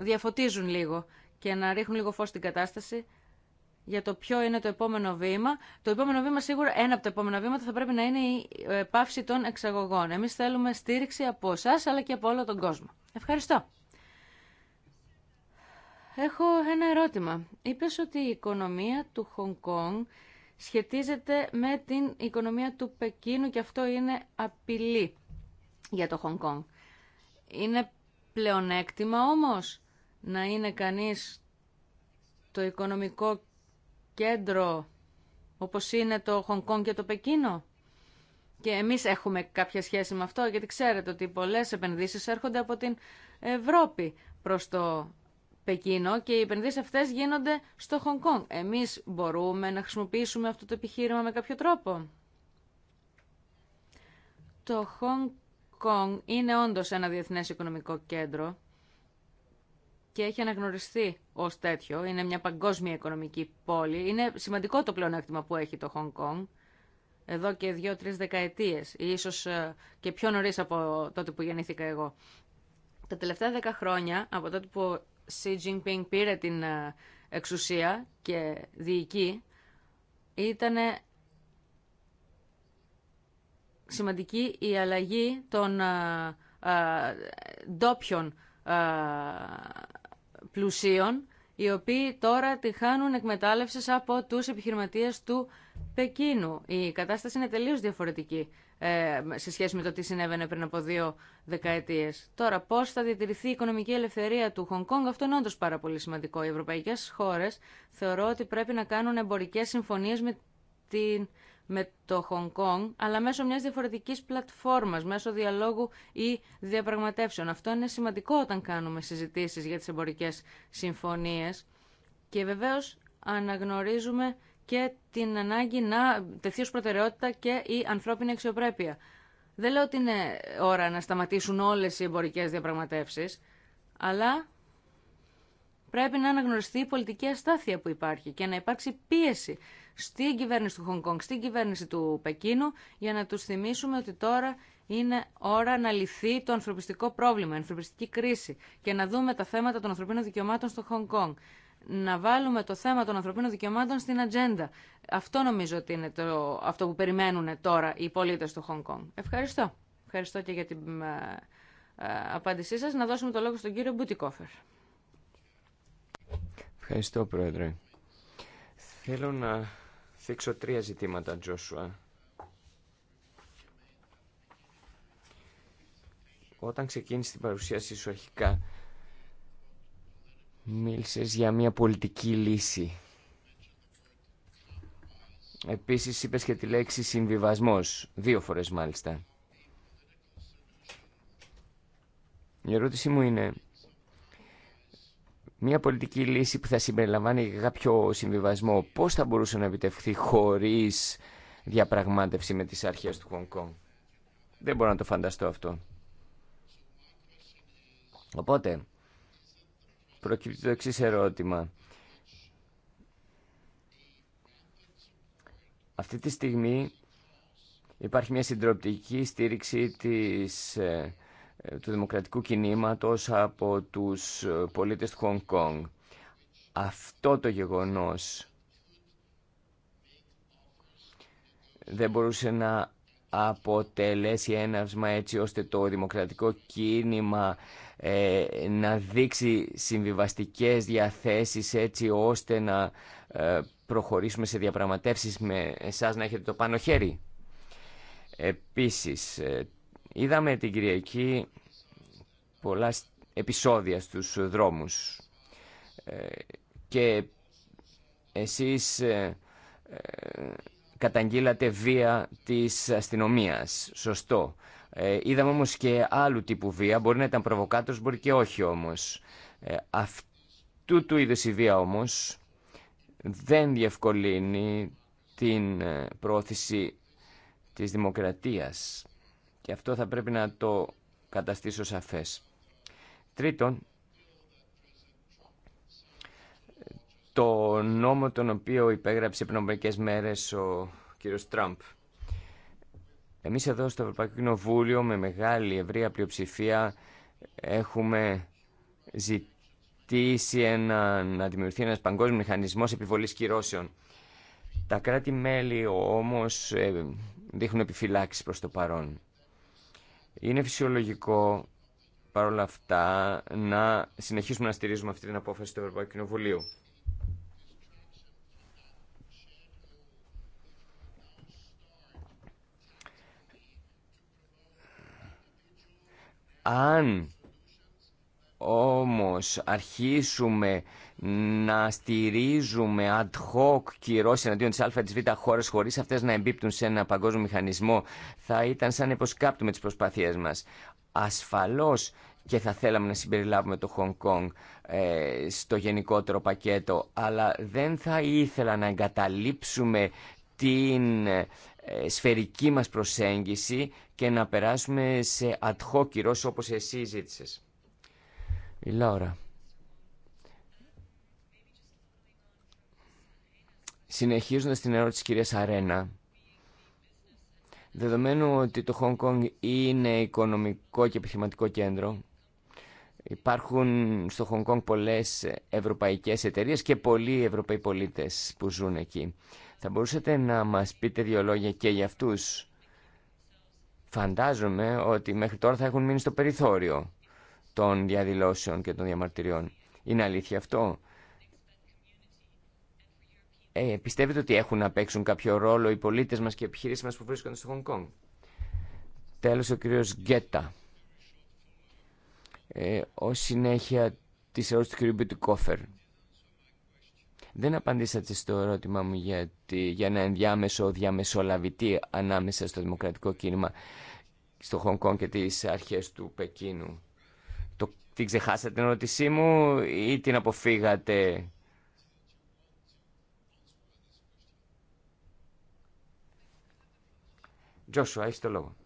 διαφωτίζουν λίγο και να ρίχνουν λίγο φως στην κατάσταση για το ποιο είναι το επόμενο βήμα. Το επόμενο βήμα, σίγουρα ένα από τα επόμενα βήματα θα πρέπει να είναι η ε, πάυση των εξαγωγών. Εμείς θέλουμε στήριξη από εσά αλλά και από όλο τον κόσμο. Ευχαριστώ. Έχω ένα ερώτημα. Είπες ότι η οικονομία του Χονγκ Κόνγκ σχετίζεται με την οικονομία του Πεκίνου και αυτό είναι απειλή για το Χονγκ Κόνγκ. Είναι πλεονέκτημα όμως να είναι κανείς το οικονομικό κέντρο όπως είναι το Χονγκ Κόνγκ και το Πεκίνο. Και εμείς έχουμε κάποια σχέση με αυτό, γιατί ξέρετε ότι πολλές επενδύσεις έρχονται από την Ευρώπη προς το Πεκίνο και οι επενδύσεις αυτές γίνονται στο Χονγκ Κόνγκ. Εμείς μπορούμε να χρησιμοποιήσουμε αυτό το επιχείρημα με κάποιο τρόπο. Το Χονγκ Κόνγκ είναι όντως ένα διεθνές οικονομικό κέντρο και έχει αναγνωριστεί ως τέτοιο. Είναι μια παγκόσμια οικονομική πόλη. Είναι σημαντικό το πλεονέκτημα που έχει το Χονγκ Κονγκ εδώ και δυο τρει δεκαετίες ή ίσως ε, και πιο νωρίς από τότε που γεννήθηκα εγώ. Τα τελευταία δέκα χρόνια, από τότε που ο Xi Jinping πήρε την ε, εξουσία και διοικεί, ήταν σημαντική η αλλαγή των ε, ντόπιων πλουσίων, οι οποίοι τώρα τη χάνουν εκμετάλλευση από τους επιχειρηματίες του Πεκίνου. Η κατάσταση είναι τελείως διαφορετική ε, σε σχέση με το τι συνέβαινε πριν από δύο δεκαετίες. Τώρα, πώς θα διατηρηθεί η οικονομική ελευθερία του Χονγκ Κόνγκ, αυτό είναι όντω πάρα πολύ σημαντικό. Οι ευρωπαϊκέ χώρε θεωρώ ότι πρέπει να κάνουν εμπορικές συμφωνίες με την με το Χονγκ αλλά μέσω μιας διαφορετικής πλατφόρμας, μέσω διαλόγου ή διαπραγματεύσεων. Αυτό είναι σημαντικό όταν κάνουμε συζητήσεις για τις εμπορικές συμφωνίες και βεβαίως αναγνωρίζουμε και την ανάγκη να τεθεί ως προτεραιότητα και η ανθρώπινη αξιοπρέπεια. Δεν λέω ότι είναι ώρα να σταματήσουν όλες οι εμπορικές διαπραγματεύσεις, αλλά πρέπει να αναγνωριστεί η πολιτική αστάθεια που υπάρχει και να υπάρξει πίεση στην κυβέρνηση του Χονγκ Κονγκ, στην κυβέρνηση του Πεκίνου, για να τους θυμίσουμε ότι τώρα είναι ώρα να λυθεί το ανθρωπιστικό πρόβλημα, η ανθρωπιστική κρίση και να δούμε τα θέματα των ανθρωπίνων δικαιωμάτων στο Χονγκ Κονγκ. Να βάλουμε το θέμα των ανθρωπίνων δικαιωμάτων στην ατζέντα. Αυτό νομίζω ότι είναι το, αυτό που περιμένουν τώρα οι πολίτες του Χονγκ Κονγκ. Ευχαριστώ. Ευχαριστώ και για την ε, ε απάντησή σας. Να δώσουμε το λόγο στον κύριο Μπουτικόφερ. Ευχαριστώ, Πρόεδρε. Θέλω να θίξω τρία ζητήματα, Τζόσουα. Όταν ξεκίνησε την παρουσίασή σου αρχικά, μίλησες για μια πολιτική λύση. Επίσης είπες και τη λέξη συμβιβασμός, δύο φορές μάλιστα. Η ερώτησή μου είναι, μια πολιτική λύση που θα συμπεριλαμβάνει κάποιο συμβιβασμό. Πώς θα μπορούσε να επιτευχθεί χωρίς διαπραγμάτευση με τις αρχές του Χονγκ Δεν μπορώ να το φανταστώ αυτό. Οπότε, προκύπτει το εξή ερώτημα. Αυτή τη στιγμή υπάρχει μια συντροπτική στήριξη της ε, ε, του δημοκρατικού κινήματος από τους ε, πολίτες του Χονγκ Κόνγκ. Αυτό το γεγονός δεν μπορούσε να αποτελέσει έναυσμα έτσι ώστε το δημοκρατικό κίνημα ε, να δείξει συμβιβαστικές διαθέσεις έτσι ώστε να προχωρήσουμε σε διαπραγματεύσεις με εσάς να έχετε το πάνω χέρι. Επίσης, Είδαμε την Κυριακή πολλά επεισόδια στους δρόμους ε, και εσείς ε, ε, καταγγείλατε βία της αστυνομίας. Σωστό. Είδαμε όμως και άλλου τύπου βία. Μπορεί να ήταν προβοκάτος, μπορεί και όχι όμως. Αυτού του είδους η βία όμως δεν διευκολύνει την πρόθεση της δημοκρατίας. Και αυτό θα πρέπει να το καταστήσω σαφές. Τρίτον, το νόμο τον οποίο υπέγραψε πριν μερικές μέρες ο κύριος Τραμπ. Εμείς εδώ στο Ευρωπαϊκό Κοινοβούλιο με μεγάλη ευρεία πλειοψηφία έχουμε ζητήσει ένα, να δημιουργηθεί ένας παγκόσμιος μηχανισμός επιβολής κυρώσεων. Τα κράτη-μέλη όμως ε, δείχνουν επιφυλάξει προς το παρόν. Είναι φυσιολογικό παρόλα αυτά να συνεχίσουμε να στηρίζουμε αυτή την απόφαση του Ευρωπαϊκού Κοινοβουλίου. Αν όμως αρχίσουμε να στηρίζουμε ad hoc κυρώσει εναντίον της α της β χώρες χωρίς αυτές να εμπίπτουν σε ένα παγκόσμιο μηχανισμό θα ήταν σαν να υποσκάπτουμε τις προσπάθειές μας. Ασφαλώς και θα θέλαμε να συμπεριλάβουμε το Χονγκ Kong ε, στο γενικότερο πακέτο αλλά δεν θα ήθελα να εγκαταλείψουμε την ε, σφαιρική μας προσέγγιση και να περάσουμε σε ad hoc κυρώσεις όπως εσύ ζήτησες. Η Λάουρα. Συνεχίζοντα την ερώτηση της κυρίας Αρένα, δεδομένου ότι το Χονγκ Κονγκ είναι οικονομικό και επιχειρηματικό κέντρο, υπάρχουν στο Χονγκ Κονγκ πολλές ευρωπαϊκές εταιρείες και πολλοί ευρωπαίοι πολίτες που ζουν εκεί. Θα μπορούσατε να μας πείτε δύο λόγια και για αυτούς. Φαντάζομαι ότι μέχρι τώρα θα έχουν μείνει στο περιθώριο των διαδηλώσεων και των διαμαρτυριών. Είναι αλήθεια αυτό. Ε, πιστεύετε ότι έχουν να παίξουν κάποιο ρόλο οι πολίτες μας και οι επιχειρήσεις μας που βρίσκονται στο Χονγκ Κονγκ. Τέλος ο κύριος Γκέτα. Ε, ως συνέχεια της ερώτηση του κυρίου Μπιτουκόφερ. Δεν απαντήσατε στο ερώτημα μου για, για ένα ενδιάμεσο διαμεσολαβητή ανάμεσα στο δημοκρατικό κίνημα στο Χονγκ και τις αρχές του Πεκίνου. Την ξεχάσατε την ερώτησή μου ή την αποφύγατε. Τζόσουα, έχεις το λόγο.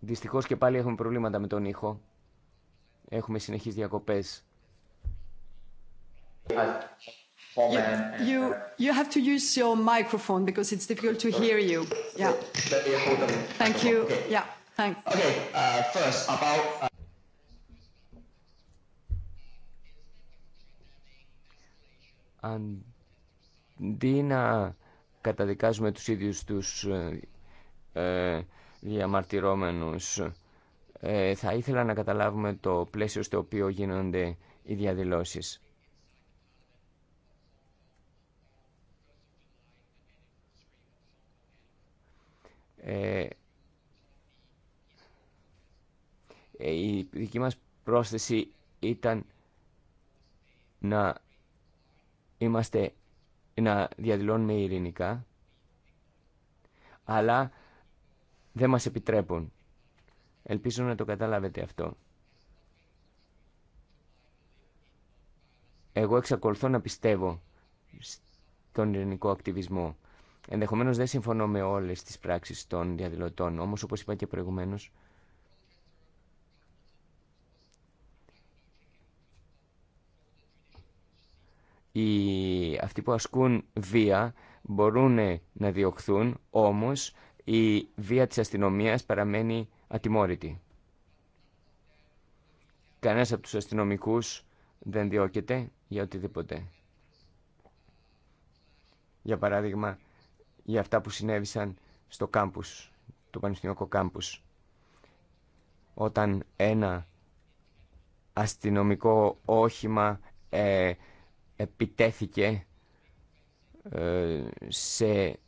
Δυστυχώς και πάλι έχουμε προβλήματα με τον ήχο. Έχουμε συνεχείς διακοπές comment. You, you have to use your microphone because it's difficult to hear you. Yeah. Let me hold them. Thank you. Yeah. Thanks. Okay. Uh, first about. Αντί να καταδικάζουμε τους ίδιους τους ε, διαμαρτυρόμενους, ε, θα ήθελα να καταλάβουμε το πλαίσιο στο οποίο γίνονται οι διαδηλώσεις. Ε, ε, η δική μας πρόσθεση ήταν να είμαστε να διαδηλώνουμε ειρηνικά αλλά δεν μας επιτρέπουν ελπίζω να το κατάλαβετε αυτό εγώ εξακολουθώ να πιστεύω στον ειρηνικό ακτιβισμό Ενδεχομένω δεν συμφωνώ με όλες τις πράξεις των διαδηλωτών, Όμω όπω είπα και προηγουμένω. οι, αυτοί που ασκούν βία μπορούν να διωχθούν, όμως η βία της αστυνομίας παραμένει ατιμόρυτη. Κανένας από τους αστυνομικούς δεν διώκεται για οτιδήποτε. Για παράδειγμα, για αυτά που συνέβησαν στο κάμπους, το πανεπιστημιακό κάμπους. Όταν ένα αστυνομικό όχημα ε, επιτέθηκε ε, σε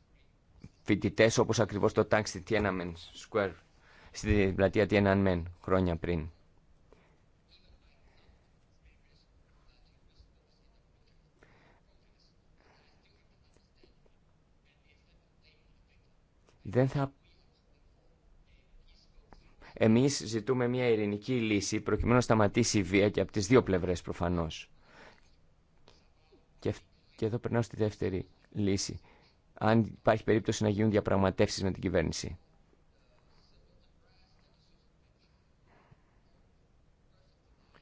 φοιτητές όπως ακριβώς το τάξη Tiananmen Square στην πλατεία Tiananmen χρόνια πριν. δεν θα... Εμείς ζητούμε μια ειρηνική λύση προκειμένου να σταματήσει η βία και από τις δύο πλευρές προφανώς. Και, και εδώ περνάω στη δεύτερη λύση. Αν υπάρχει περίπτωση να γίνουν διαπραγματεύσεις με την κυβέρνηση.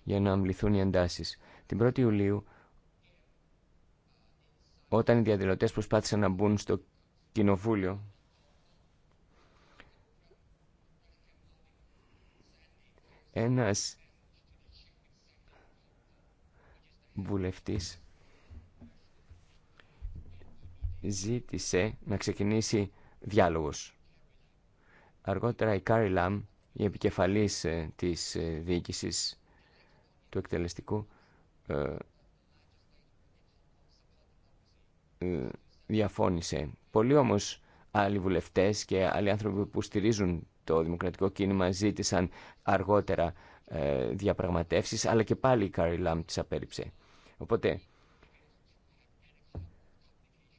για να αμβληθούν οι εντάσεις. Την 1η Ιουλίου, όταν οι διαδηλωτές προσπάθησαν να μπουν στο κοινοβούλιο, Ένας βουλευτής ζήτησε να ξεκινήσει διάλογος. Αργότερα η Κάρι Λαμ, η επικεφαλής ε, της ε, διοίκησης του εκτελεστικού, ε, διαφώνησε. Πολλοί όμως άλλοι βουλευτές και άλλοι άνθρωποι που στηρίζουν το Δημοκρατικό Κίνημα ζήτησαν αργότερα ε, διαπραγματεύσεις, αλλά και πάλι η Κάρι Λαμ τις απέρριψε. Οπότε,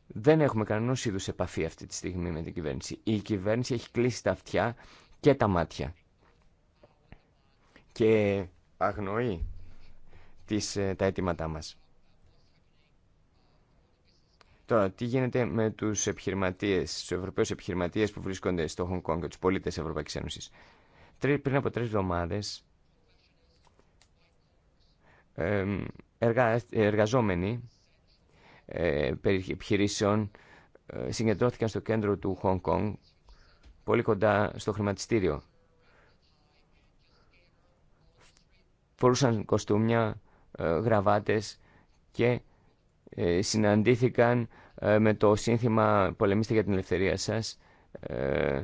δεν έχουμε κανένα είδου επαφή αυτή τη στιγμή με την κυβέρνηση. Η κυβέρνηση έχει κλείσει τα αυτιά και τα μάτια. Και αγνοεί τις, ε, τα αιτήματά μας. Τώρα, τι γίνεται με του επιχειρηματίε, του Ευρωπαίου επιχειρηματίε που βρίσκονται στο Χονγκ Κόνγκ και του πολίτε Ευρωπαϊκή Ένωση. Πριν από τρει εβδομάδε, εργαζόμενοι ε, επιχειρήσεων ε, συγκεντρώθηκαν στο κέντρο του Χονγκ Κόνγκ, πολύ κοντά στο χρηματιστήριο. Φορούσαν κοστούμια, ε, γραβάτες και ε, συναντήθηκαν ε, με το σύνθημα «Πολεμήστε για την ελευθερία σας» ε,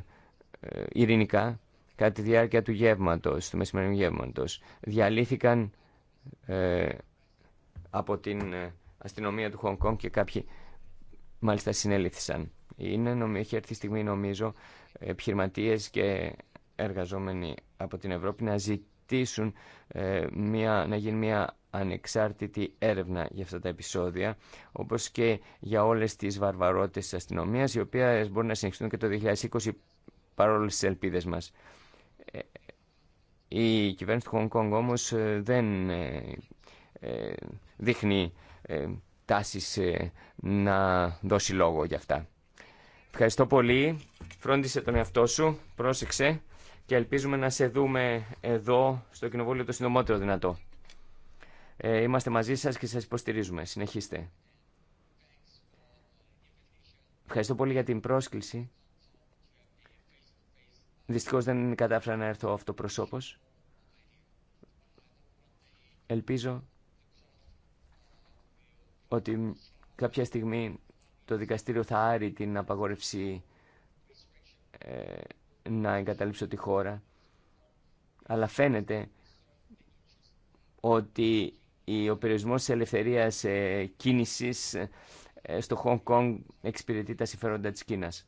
ειρηνικά κατά τη διάρκεια του γεύματος, του μεσημερινού γεύματος. Διαλύθηκαν από την αστυνομία του Χονγκ Κόνγκ και κάποιοι μάλιστα συνέληφθησαν. Είναι, νομίζω, έχει έρθει η στιγμή, νομίζω, επιχειρηματίε και εργαζόμενοι από την Ευρώπη να ζητήσουν ε, μια, να γίνει μια ανεξάρτητη έρευνα για αυτά τα επεισόδια, όπως και για όλες τις βαρβαρότητες της αστυνομίας, οι οποίες μπορεί να συνεχιστούν και το 2020 παρόλες τις ελπίδες μας. Ε, η κυβέρνηση του Χονγκ Κονγκ όμως ε, δεν δείχνει τάσεις να δώσει λόγο για αυτά. Ευχαριστώ πολύ. Φρόντισε τον εαυτό σου. Πρόσεξε και ελπίζουμε να σε δούμε εδώ στο Κοινοβούλιο το συντομότερο δυνατό. Ε, είμαστε μαζί σας και σας υποστηρίζουμε. Συνεχίστε. Ευχαριστώ πολύ για την πρόσκληση. Δυστυχώς δεν κατάφερα να έρθω αυτοπροσώπος. Ελπίζω ότι κάποια στιγμή το δικαστήριο θα άρει την απαγόρευση ε, να εγκαταλείψω τη χώρα. Αλλά φαίνεται ότι ο περιορισμός της ελευθερίας ε, κίνησης ε, στο Χονγκ Κόνγκ εξυπηρετεί τα συμφέροντα της Κίνας,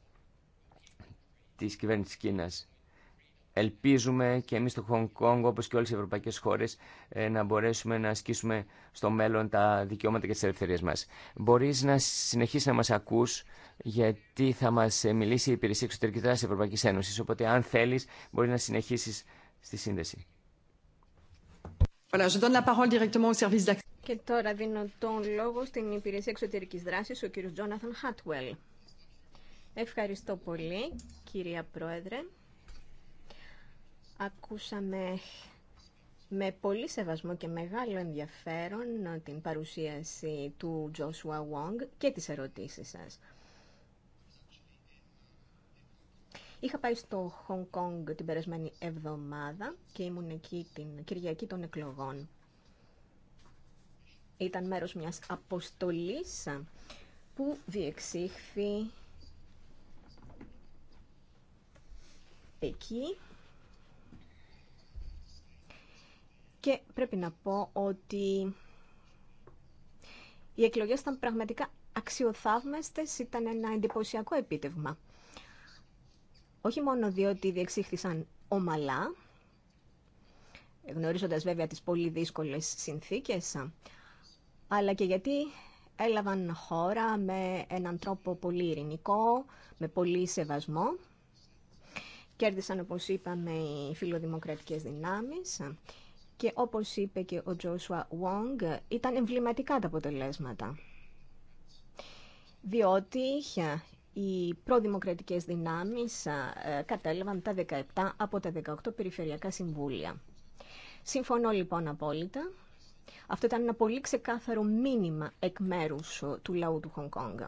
της κυβέρνησης της ελπίζουμε και εμείς στο Χονγκ Κόνγκ όπως και όλες οι ευρωπαϊκές χώρες ε, να μπορέσουμε να ασκήσουμε στο μέλλον τα δικαιώματα και τις ελευθερίες μας. Μπορείς να συνεχίσεις να μας ακούς γιατί θα μας ε, μιλήσει η Υπηρεσία Εξωτερικής Δράσης της Ευρωπαϊκής Ένωσης οπότε αν θέλεις μπορείς να συνεχίσεις στη σύνδεση. Και τώρα δίνω τον λόγο στην Υπηρεσία Εξωτερικής Δράσης, ο κύριος Τζόναθαν Χάτουελ. Ευχαριστώ πολύ, κυρία Πρόεδρε. Ακούσαμε με πολύ σεβασμό και μεγάλο ενδιαφέρον την παρουσίαση του Joshua Wong και τις ερωτήσεις σας. Είχα πάει στο Χονγκ Κόνγκ την περασμένη εβδομάδα και ήμουν εκεί την Κυριακή των εκλογών. Ήταν μέρος μιας αποστολής που διεξήχθη εκεί Και πρέπει να πω ότι οι εκλογές ήταν πραγματικά αξιοθαύμαστες, ήταν ένα εντυπωσιακό επίτευγμα. Όχι μόνο διότι διεξήχθησαν ομαλά, γνωρίζοντας βέβαια τις πολύ δύσκολες συνθήκες, αλλά και γιατί έλαβαν χώρα με έναν τρόπο πολύ ειρηνικό, με πολύ σεβασμό. Κέρδισαν, όπως είπαμε, οι φιλοδημοκρατικές δυνάμεις και όπως είπε και ο Τζόσουα Βόγγ ήταν εμβληματικά τα αποτελέσματα. Διότι οι προδημοκρατικές δυνάμεις ε, κατέλαβαν τα 17 από τα 18 περιφερειακά συμβούλια. Συμφωνώ λοιπόν απόλυτα. Αυτό ήταν ένα πολύ ξεκάθαρο μήνυμα εκ μέρους ε, του λαού του Χονγκ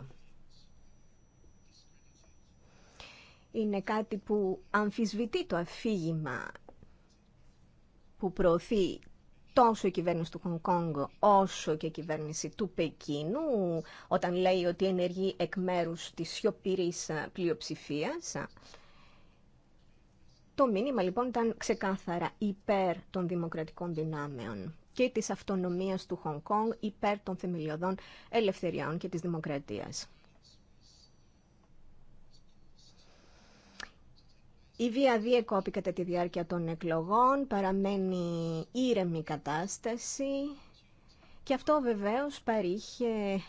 είναι κάτι που αμφισβητεί το αφήγημα που προωθεί τόσο η κυβέρνηση του Χονγκ όσο και η κυβέρνηση του Πεκίνου όταν λέει ότι ενεργεί εκ μέρους της σιωπηρής πλειοψηφίας. Το μήνυμα λοιπόν ήταν ξεκάθαρα υπέρ των δημοκρατικών δυνάμεων και της αυτονομίας του Χονγκ Κονγκ υπέρ των θεμελιωδών ελευθεριών και της δημοκρατίας. Η βία διεκόπη κατά τη διάρκεια των εκλογών, παραμένει ήρεμη κατάσταση και αυτό βεβαίως παρήχε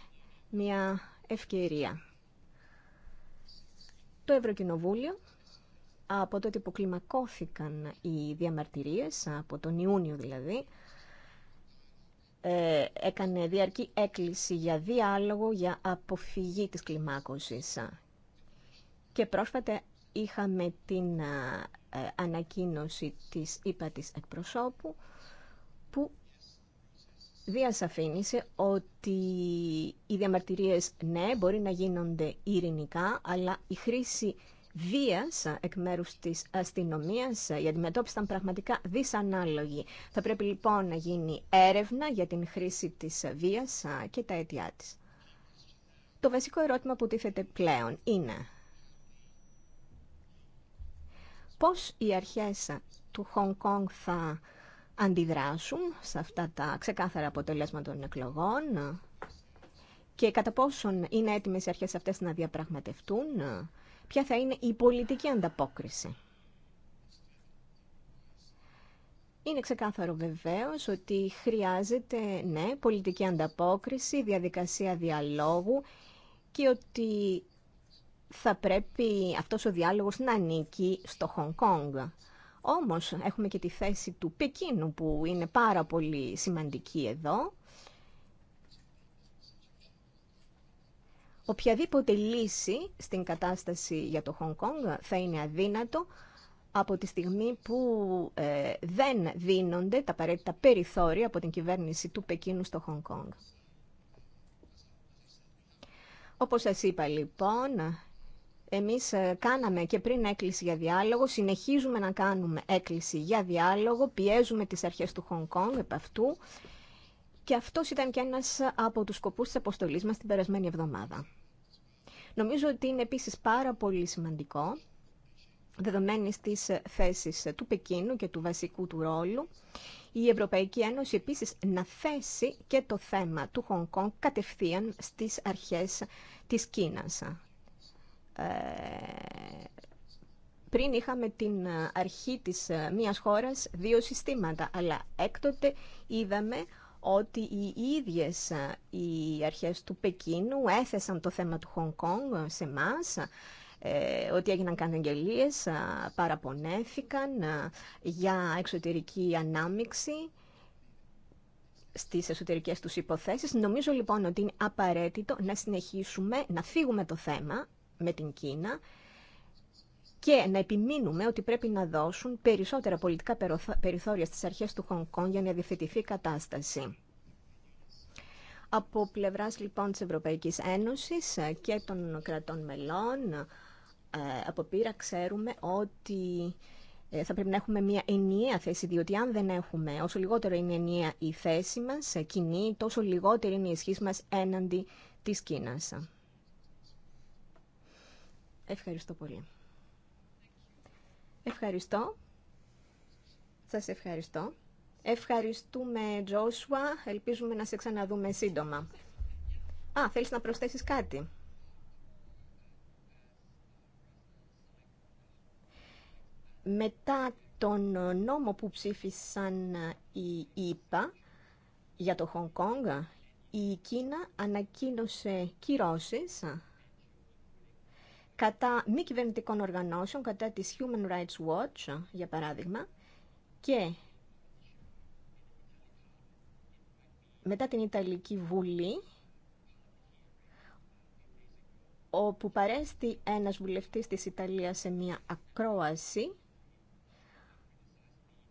μια ευκαιρία. Το Ευρωκοινοβούλιο, από τότε που κλιμακώθηκαν οι διαμαρτυρίες, από τον Ιούνιο δηλαδή, ε, έκανε διαρκή έκκληση για διάλογο για αποφυγή της κλιμάκωσης. Και πρόσφατα είχαμε την ε, ανακοίνωση της ύπατης εκπροσώπου που διασαφήνισε ότι οι διαμαρτυρίες ναι μπορεί να γίνονται ειρηνικά αλλά η χρήση βίας εκ μέρους της αστυνομίας η αντιμετώπιση ήταν πραγματικά δυσανάλογη. Θα πρέπει λοιπόν να γίνει έρευνα για την χρήση της βίας και τα αιτιά της. Το βασικό ερώτημα που τίθεται πλέον είναι πώς οι αρχές του Χονγκ Κόνγκ θα αντιδράσουν σε αυτά τα ξεκάθαρα αποτελέσματα των εκλογών και κατά πόσον είναι έτοιμες οι αρχές αυτές να διαπραγματευτούν, ποια θα είναι η πολιτική ανταπόκριση. Είναι ξεκάθαρο βεβαίως ότι χρειάζεται, ναι, πολιτική ανταπόκριση, διαδικασία διαλόγου και ότι θα πρέπει αυτός ο διάλογος να ανήκει στο Χονγκ Κόνγκ. Όμως έχουμε και τη θέση του Πεκίνου που είναι πάρα πολύ σημαντική εδώ. Οποιαδήποτε λύση στην κατάσταση για το Χονγκ Κόνγκ θα είναι αδύνατο από τη στιγμή που ε, δεν δίνονται τα απαραίτητα περιθώρια από την κυβέρνηση του Πεκίνου στο Χονγκ Κόνγκ. Όπως σας είπα λοιπόν, εμείς ε, κάναμε και πριν έκκληση για διάλογο, συνεχίζουμε να κάνουμε έκκληση για διάλογο, πιέζουμε τις αρχές του Χονγκ Κόνγκ επ' αυτού και αυτός ήταν και ένας από τους σκοπούς της αποστολής μας την περασμένη εβδομάδα. Νομίζω ότι είναι επίσης πάρα πολύ σημαντικό, δεδομένης της θέσης του Πεκίνου και του βασικού του ρόλου, η Ευρωπαϊκή Ένωση επίσης να θέσει και το θέμα του Χονγκ Κόνγκ κατευθείαν στις αρχές της Κίνας. Ε, πριν είχαμε την ε, αρχή της ε, μίας χώρας δύο συστήματα, αλλά έκτοτε είδαμε ότι οι ίδιες οι αρχές του Πεκίνου έθεσαν το θέμα του Χονγκ Κόνγκ σε μας, ότι έγιναν καταγγελίες, παραπονέθηκαν για εξωτερική ανάμιξη στις εσωτερικές τους υποθέσεις. Νομίζω λοιπόν ότι είναι απαραίτητο να συνεχίσουμε, να φύγουμε το θέμα με την Κίνα και να επιμείνουμε ότι πρέπει να δώσουν περισσότερα πολιτικά περιθώρια στις αρχές του Χονγκ Κόνγκ για να διευθετηθεί η κατάσταση. Από πλευράς λοιπόν της Ευρωπαϊκής Ένωσης και των κρατών μελών, ε, από πείρα ξέρουμε ότι ε, θα πρέπει να έχουμε μια ενιαία θέση, διότι αν δεν έχουμε, όσο λιγότερο είναι ενιαία η θέση μας ε, κοινή, τόσο λιγότερη είναι η ισχύ μας έναντι της Κίνας. Ευχαριστώ πολύ. Ευχαριστώ. Σας ευχαριστώ. Ευχαριστούμε, Τζόσουα. Ελπίζουμε να σε ξαναδούμε σύντομα. Α, θέλεις να προσθέσεις κάτι. Μετά τον νόμο που ψήφισαν ε, οι ΙΠΑ για το Χονγκ η Κίνα ανακοίνωσε κυρώσεις κατά μη κυβερνητικών οργανώσεων, κατά της Human Rights Watch, για παράδειγμα, και μετά την Ιταλική Βουλή, όπου παρέστη ένας βουλευτής της Ιταλίας σε μια ακρόαση,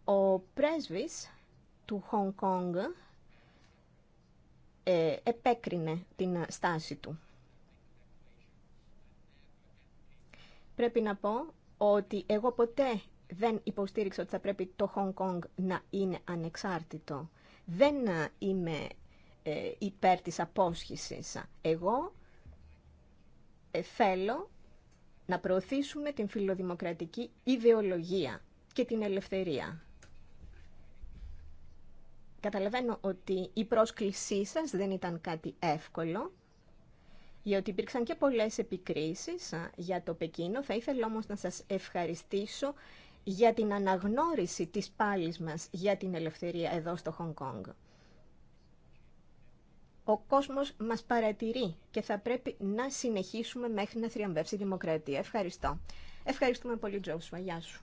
ο πρέσβης του Χονγκ Κόνγκ ε, επέκρινε την στάση του. Πρέπει να πω ότι εγώ ποτέ δεν υποστήριξα ότι θα πρέπει το Hong Kong να είναι ανεξάρτητο. Δεν ε, είμαι ε, υπέρ της απόσχησης. Εγώ ε, θέλω να προωθήσουμε την φιλοδημοκρατική ιδεολογία και την ελευθερία. Καταλαβαίνω ότι η πρόσκλησή σας δεν ήταν κάτι εύκολο διότι υπήρξαν και πολλές επικρίσεις για το Πεκίνο. Θα ήθελα όμως να σας ευχαριστήσω για την αναγνώριση της πάλης μας για την ελευθερία εδώ στο Χονγκ Κόνγκ. Ο κόσμος μας παρατηρεί και θα πρέπει να συνεχίσουμε μέχρι να θριαμβεύσει η δημοκρατία. Ευχαριστώ. Ευχαριστούμε πολύ, Τζόσουα. Γεια σου.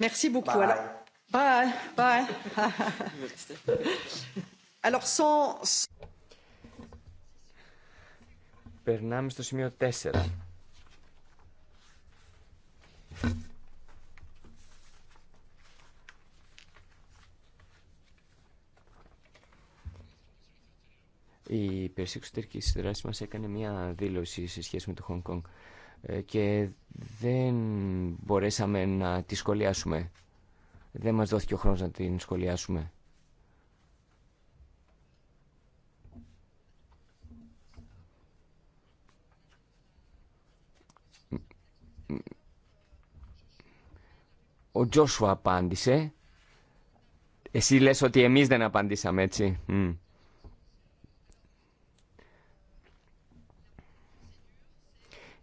Merci Περνάμε στο σημείο 4. Η περισσότερη εξωτερική δράση μα έκανε μια δήλωση σε σχέση με το Χονγκ Κονγκ ε, και δεν μπορέσαμε να τη σχολιάσουμε δεν μας δόθηκε ο χρόνος να την σχολιάσουμε. Ο Τζόσου απάντησε. Εσύ λες ότι εμείς δεν απαντήσαμε, έτσι.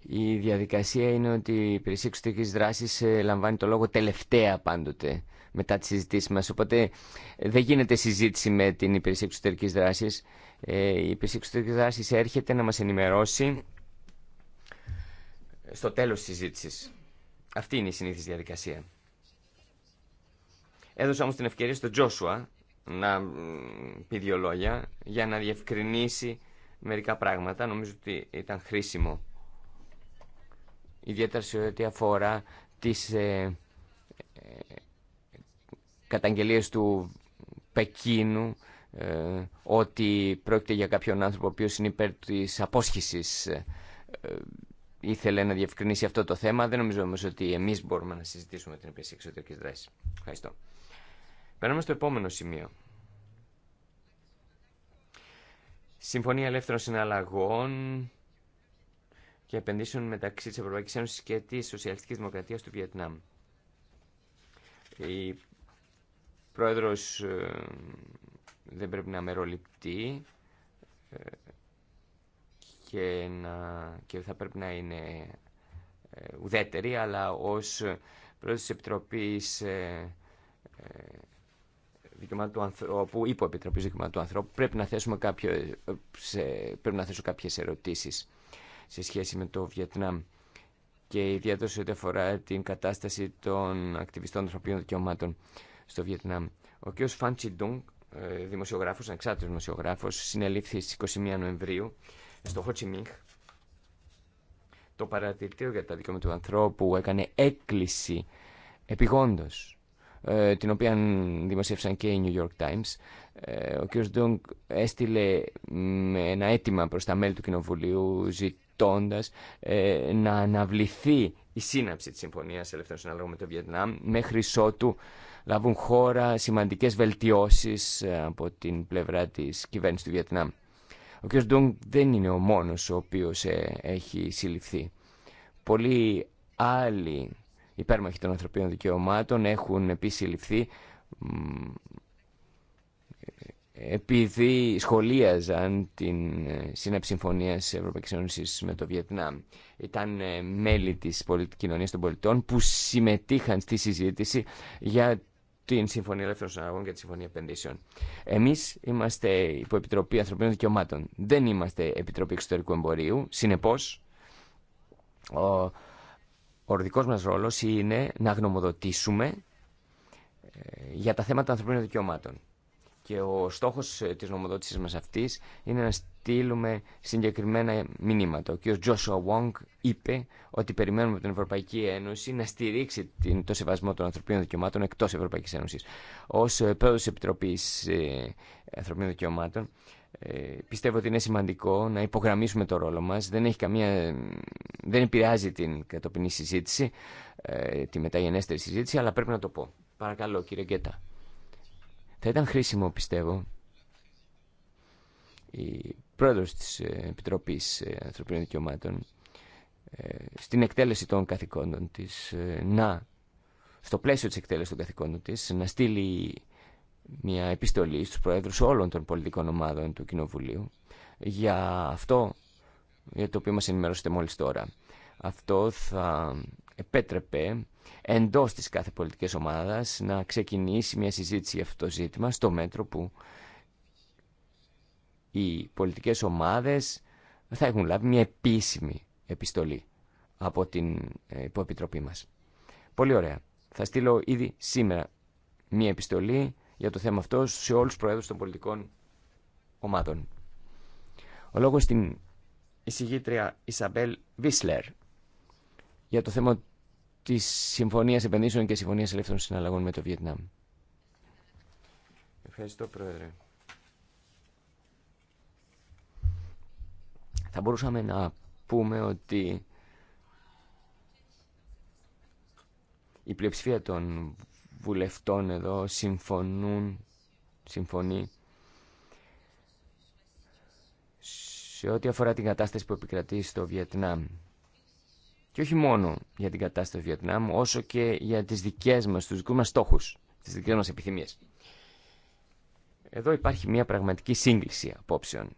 Η διαδικασία είναι ότι η υπηρεσία εξωτερικής δράσης ε, λαμβάνει το λόγο τελευταία πάντοτε μετά τις συζήτησή μας. Οπότε ε, δεν γίνεται συζήτηση με την υπηρεσία εξωτερικής δράσης. Ε, η υπηρεσία εξωτερικής δράσης έρχεται να μας ενημερώσει στο τέλος της συζήτησης. Αυτή είναι η συνήθις διαδικασία. Έδωσα όμως την ευκαιρία στον Τζόσουα να πει δύο λόγια για να διευκρινίσει μερικά πράγματα. Νομίζω ότι ήταν χρήσιμο. Ιδιαίτερα σε ό,τι αφορά τις ε, καταγγελίες του Πεκίνου ε, ότι πρόκειται για κάποιον άνθρωπο ο οποίος είναι υπέρ της απόσχησης. Ε, ε, ήθελε να διευκρινίσει αυτό το θέμα. Δεν νομίζω όμως ότι εμείς μπορούμε να συζητήσουμε την επίσης εξωτερικής δράσης. Ευχαριστώ. Περνάμε στο επόμενο σημείο. Συμφωνία Ελεύθερων Συναλλαγών και επενδύσεων μεταξύ της Ευρωπαϊκής Ένωσης και της Σοσιαλιστικής Δημοκρατίας του Βιετνάμ πρόεδρος ε, δεν πρέπει να μεροληπτεί ε, και, να, και θα πρέπει να είναι ε, ουδέτερη, αλλά ως πρόεδρος της Επιτροπής Δικαιωμάτων του Ανθρώπου, Δικαιωμάτων του Ανθρώπου, πρέπει να, θέσουμε κάποιο, πρέπει να θέσω κάποιες ερωτήσεις σε σχέση με το Βιετνάμ και ιδιαίτερα σε ό,τι αφορά την κατάσταση των ακτιβιστών ανθρωπίνων δικαιωμάτων στο Βιετνάμ. Ο κ. Φαν Τσιντούγκ, ε, δημοσιογράφος, ανεξάρτητο δημοσιογράφος, συνελήφθη στις 21 Νοεμβρίου στο Χοτσιμίχ. Το παρατηρητήριο για τα δικαιώματα του ανθρώπου έκανε έκκληση επιγόντω, ε, την οποία δημοσίευσαν και οι New York Times. Ε, ο κ. Ντούγκ έστειλε ένα αίτημα προς τα μέλη του Κοινοβουλίου ζητώντας να αναβληθεί η σύναψη της Συμφωνίας Ελεύθερων Συναλλαγών με το Βιετνάμ μέχρι ότου λάβουν χώρα σημαντικές βελτιώσεις ε, από την πλευρά της κυβέρνησης του Βιετνάμ. Ο κ. Ντούγκ δεν είναι ο μόνος ο οποίος ε, έχει συλληφθεί. Πολλοί άλλοι υπέρμαχοι των ανθρωπίνων δικαιωμάτων έχουν επίσης συλληφθεί επειδή σχολίαζαν την ε, σύναψη συμφωνία Ευρωπαϊκή Ένωση με το Βιετνάμ. Ήταν μέλη τη κοινωνία των πολιτών που συμμετείχαν στη συζήτηση για την Συμφωνία Ελεύθερων Συναλλαγών και τη Συμφωνία Επενδύσεων. Εμεί είμαστε Επιτροπή ανθρωπίνων δικαιωμάτων. Δεν είμαστε επιτροπή εξωτερικού εμπορίου. Συνεπώ, ο, ο δικό μα ρόλο είναι να γνωμοδοτήσουμε ε, για τα θέματα ανθρωπίνων δικαιωμάτων. Και ο στόχος ε, της νομοδότησης μας αυτής είναι να στείλουμε συγκεκριμένα μηνύματα. Ο κ. Τζόσουα Wong είπε ότι περιμένουμε από την Ευρωπαϊκή Ένωση να στηρίξει το σεβασμό των ανθρωπίνων δικαιωμάτων εκτός Ευρωπαϊκής Ένωσης. Ως ε, πρόεδρος της Επιτροπής ε, Ανθρωπίνων Δικαιωμάτων πιστεύω ότι είναι σημαντικό να υπογραμμίσουμε το ρόλο μας. Δεν, έχει καμία, δεν επηρεάζει την κατοπινή συζήτηση, τη μεταγενέστερη συζήτηση, αλλά πρέπει να το πω. Παρακαλώ κύριε Γκέτα. Θα ήταν χρήσιμο, πιστεύω, η πρόεδρος της ε, Επιτροπής ε, Ανθρωπίνων Δικαιωμάτων ε, στην εκτέλεση των καθηκόντων της να, στο πλαίσιο της εκτέλεσης των καθηκόντων της, να στείλει μια επιστολή στους πρόεδρους όλων των πολιτικών ομάδων του Κοινοβουλίου για αυτό για το οποίο μας ενημερώσετε μόλις τώρα. Αυτό θα επέτρεπε εντός της κάθε πολιτικής ομάδας να ξεκινήσει μια συζήτηση για αυτό το ζήτημα στο μέτρο που οι πολιτικές ομάδες θα έχουν λάβει μια επίσημη επιστολή από την ε, υποεπιτροπή μας. Πολύ ωραία. Θα στείλω ήδη σήμερα μια επιστολή για το θέμα αυτό σε όλους τους προέδρους των πολιτικών ομάδων. Ο λόγος στην εισηγήτρια Ισαμπέλ Βίσλερ για το θέμα της Συμφωνίας Επενδύσεων και Συμφωνίας Ελεύθερων Συναλλαγών με το Βιετνάμ. Ευχαριστώ, Πρόεδρε. Θα μπορούσαμε να πούμε ότι η πλειοψηφία των βουλευτών εδώ συμφωνούν, συμφωνεί σε ό,τι αφορά την κατάσταση που επικρατεί στο Βιετνάμ. Και όχι μόνο για την κατάσταση του Βιετνάμ, όσο και για τις δικές μας, τους δικούς μας στόχους, τις δικές μας επιθυμίες. Εδώ υπάρχει μια πραγματική σύγκληση απόψεων.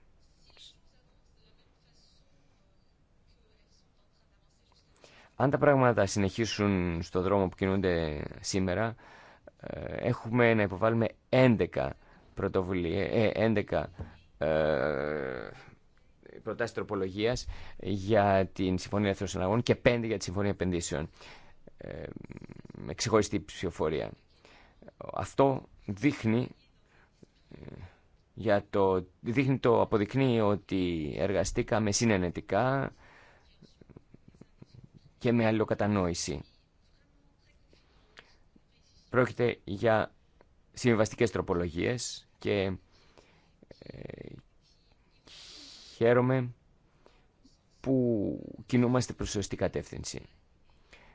Αν τα πράγματα συνεχίσουν στον δρόμο που κινούνται σήμερα, ε, έχουμε να υποβάλουμε 11 πρωτοβουλίες, 11 προτάσει τροπολογία για την Συμφωνία Εθνών Συναγών και πέντε για τη Συμφωνία Επενδύσεων. Ε, με ξεχωριστή ψηφοφορία. Αυτό δείχνει ε, για το, δείχνει το αποδεικνύει ότι εργαστήκαμε συνενετικά και με αλληλοκατανόηση. Πρόκειται για συμβιβαστικές τροπολογίες και ε, Χαίρομαι που κινούμαστε προς σωστή κατεύθυνση.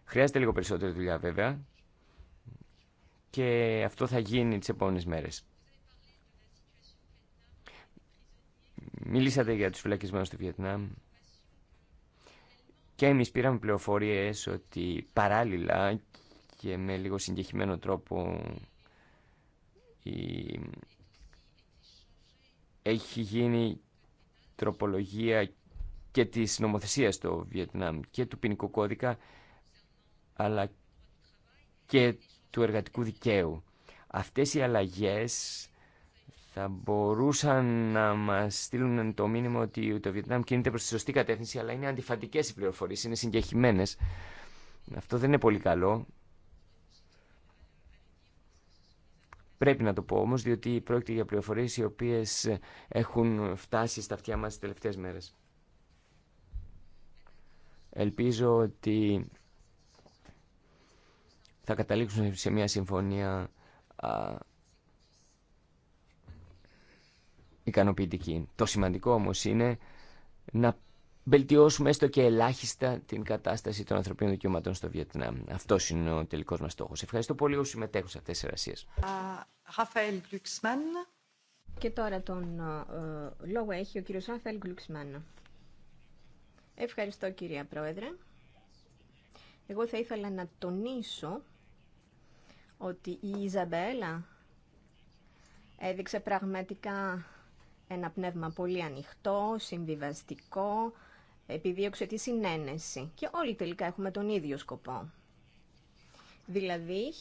Χρειάζεται λίγο περισσότερη δουλειά βέβαια και αυτό θα γίνει τις επόμενες μέρες. Μιλήσατε για τους φυλακισμένους του Βιετνάμ. Και εμείς πήραμε πληροφορίες ότι παράλληλα και με λίγο συγκεχημένο τρόπο η... έχει γίνει τροπολογία και της νομοθεσία στο Βιετνάμ και του ποινικού κώδικα αλλά και του εργατικού δικαίου. Αυτές οι αλλαγές θα μπορούσαν να μας στείλουν το μήνυμα ότι το Βιετνάμ κινείται προς τη σωστή κατεύθυνση αλλά είναι αντιφατικές οι πληροφορίες, είναι συγκεχημένες. Αυτό δεν είναι πολύ καλό Πρέπει να το πω όμως, διότι πρόκειται για πληροφορίες οι οποίες έχουν φτάσει στα αυτιά μας τις τελευταίες μέρες. Ελπίζω ότι θα καταλήξουν σε μια συμφωνία α, ικανοποιητική. Το σημαντικό όμως είναι να βελτιώσουμε έστω και ελάχιστα την κατάσταση των ανθρωπίνων δικαιωμάτων στο Βιετνάμ. Αυτός είναι ο τελικός μας στόχος. Ευχαριστώ πολύ όσους συμμετέχουν σε αυτές τις εργασίες. Και τώρα τον ε, λόγο έχει ο κύριος Ραφαέλ Γκλουξμάν. Ευχαριστώ κυρία Πρόεδρε. Εγώ θα ήθελα να τονίσω ότι η Ιζαμπέλα έδειξε πραγματικά ένα πνεύμα πολύ ανοιχτό, συμβιβαστικό, επιδίωξε τη συνένεση. Και όλοι τελικά έχουμε τον ίδιο σκοπό. Δηλαδή,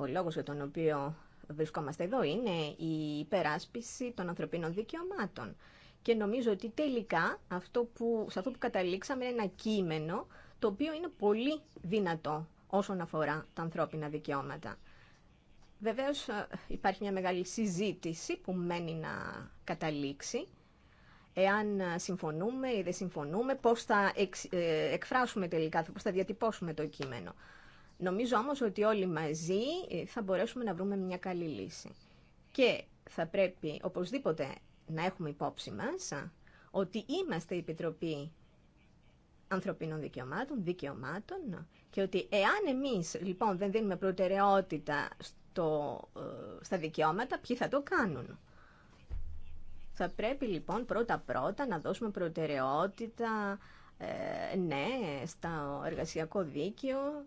ο λόγος για τον οποίο βρισκόμαστε εδώ είναι η υπεράσπιση των ανθρωπίνων δικαιωμάτων. Και νομίζω ότι τελικά αυτό που, σε αυτό που καταλήξαμε είναι ένα κείμενο το οποίο είναι πολύ δυνατό όσον αφορά τα ανθρώπινα δικαιώματα. Βεβαίως ε, υπάρχει μια μεγάλη συζήτηση που μένει να καταλήξει. Εάν ε, συμφωνούμε ή δεν συμφωνούμε, πώς θα ε, εκφράσουμε τελικά, πώς θα διατυπώσουμε το κείμενο. Νομίζω όμως ότι όλοι μαζί ε, θα μπορέσουμε να βρούμε μια καλή λύση. Και θα πρέπει οπωσδήποτε να έχουμε υπόψη μας ότι είμαστε η Επιτροπή Ανθρωπίνων Δικαιωμάτων, Δικαιωμάτων και ότι εάν εμείς λοιπόν δεν δίνουμε προτεραιότητα στο, ε, στα δικαιώματα, ποιοι θα το κάνουν. Θα πρέπει λοιπόν πρώτα-πρώτα να δώσουμε προτεραιότητα, ε, ναι, στο εργασιακό δίκαιο,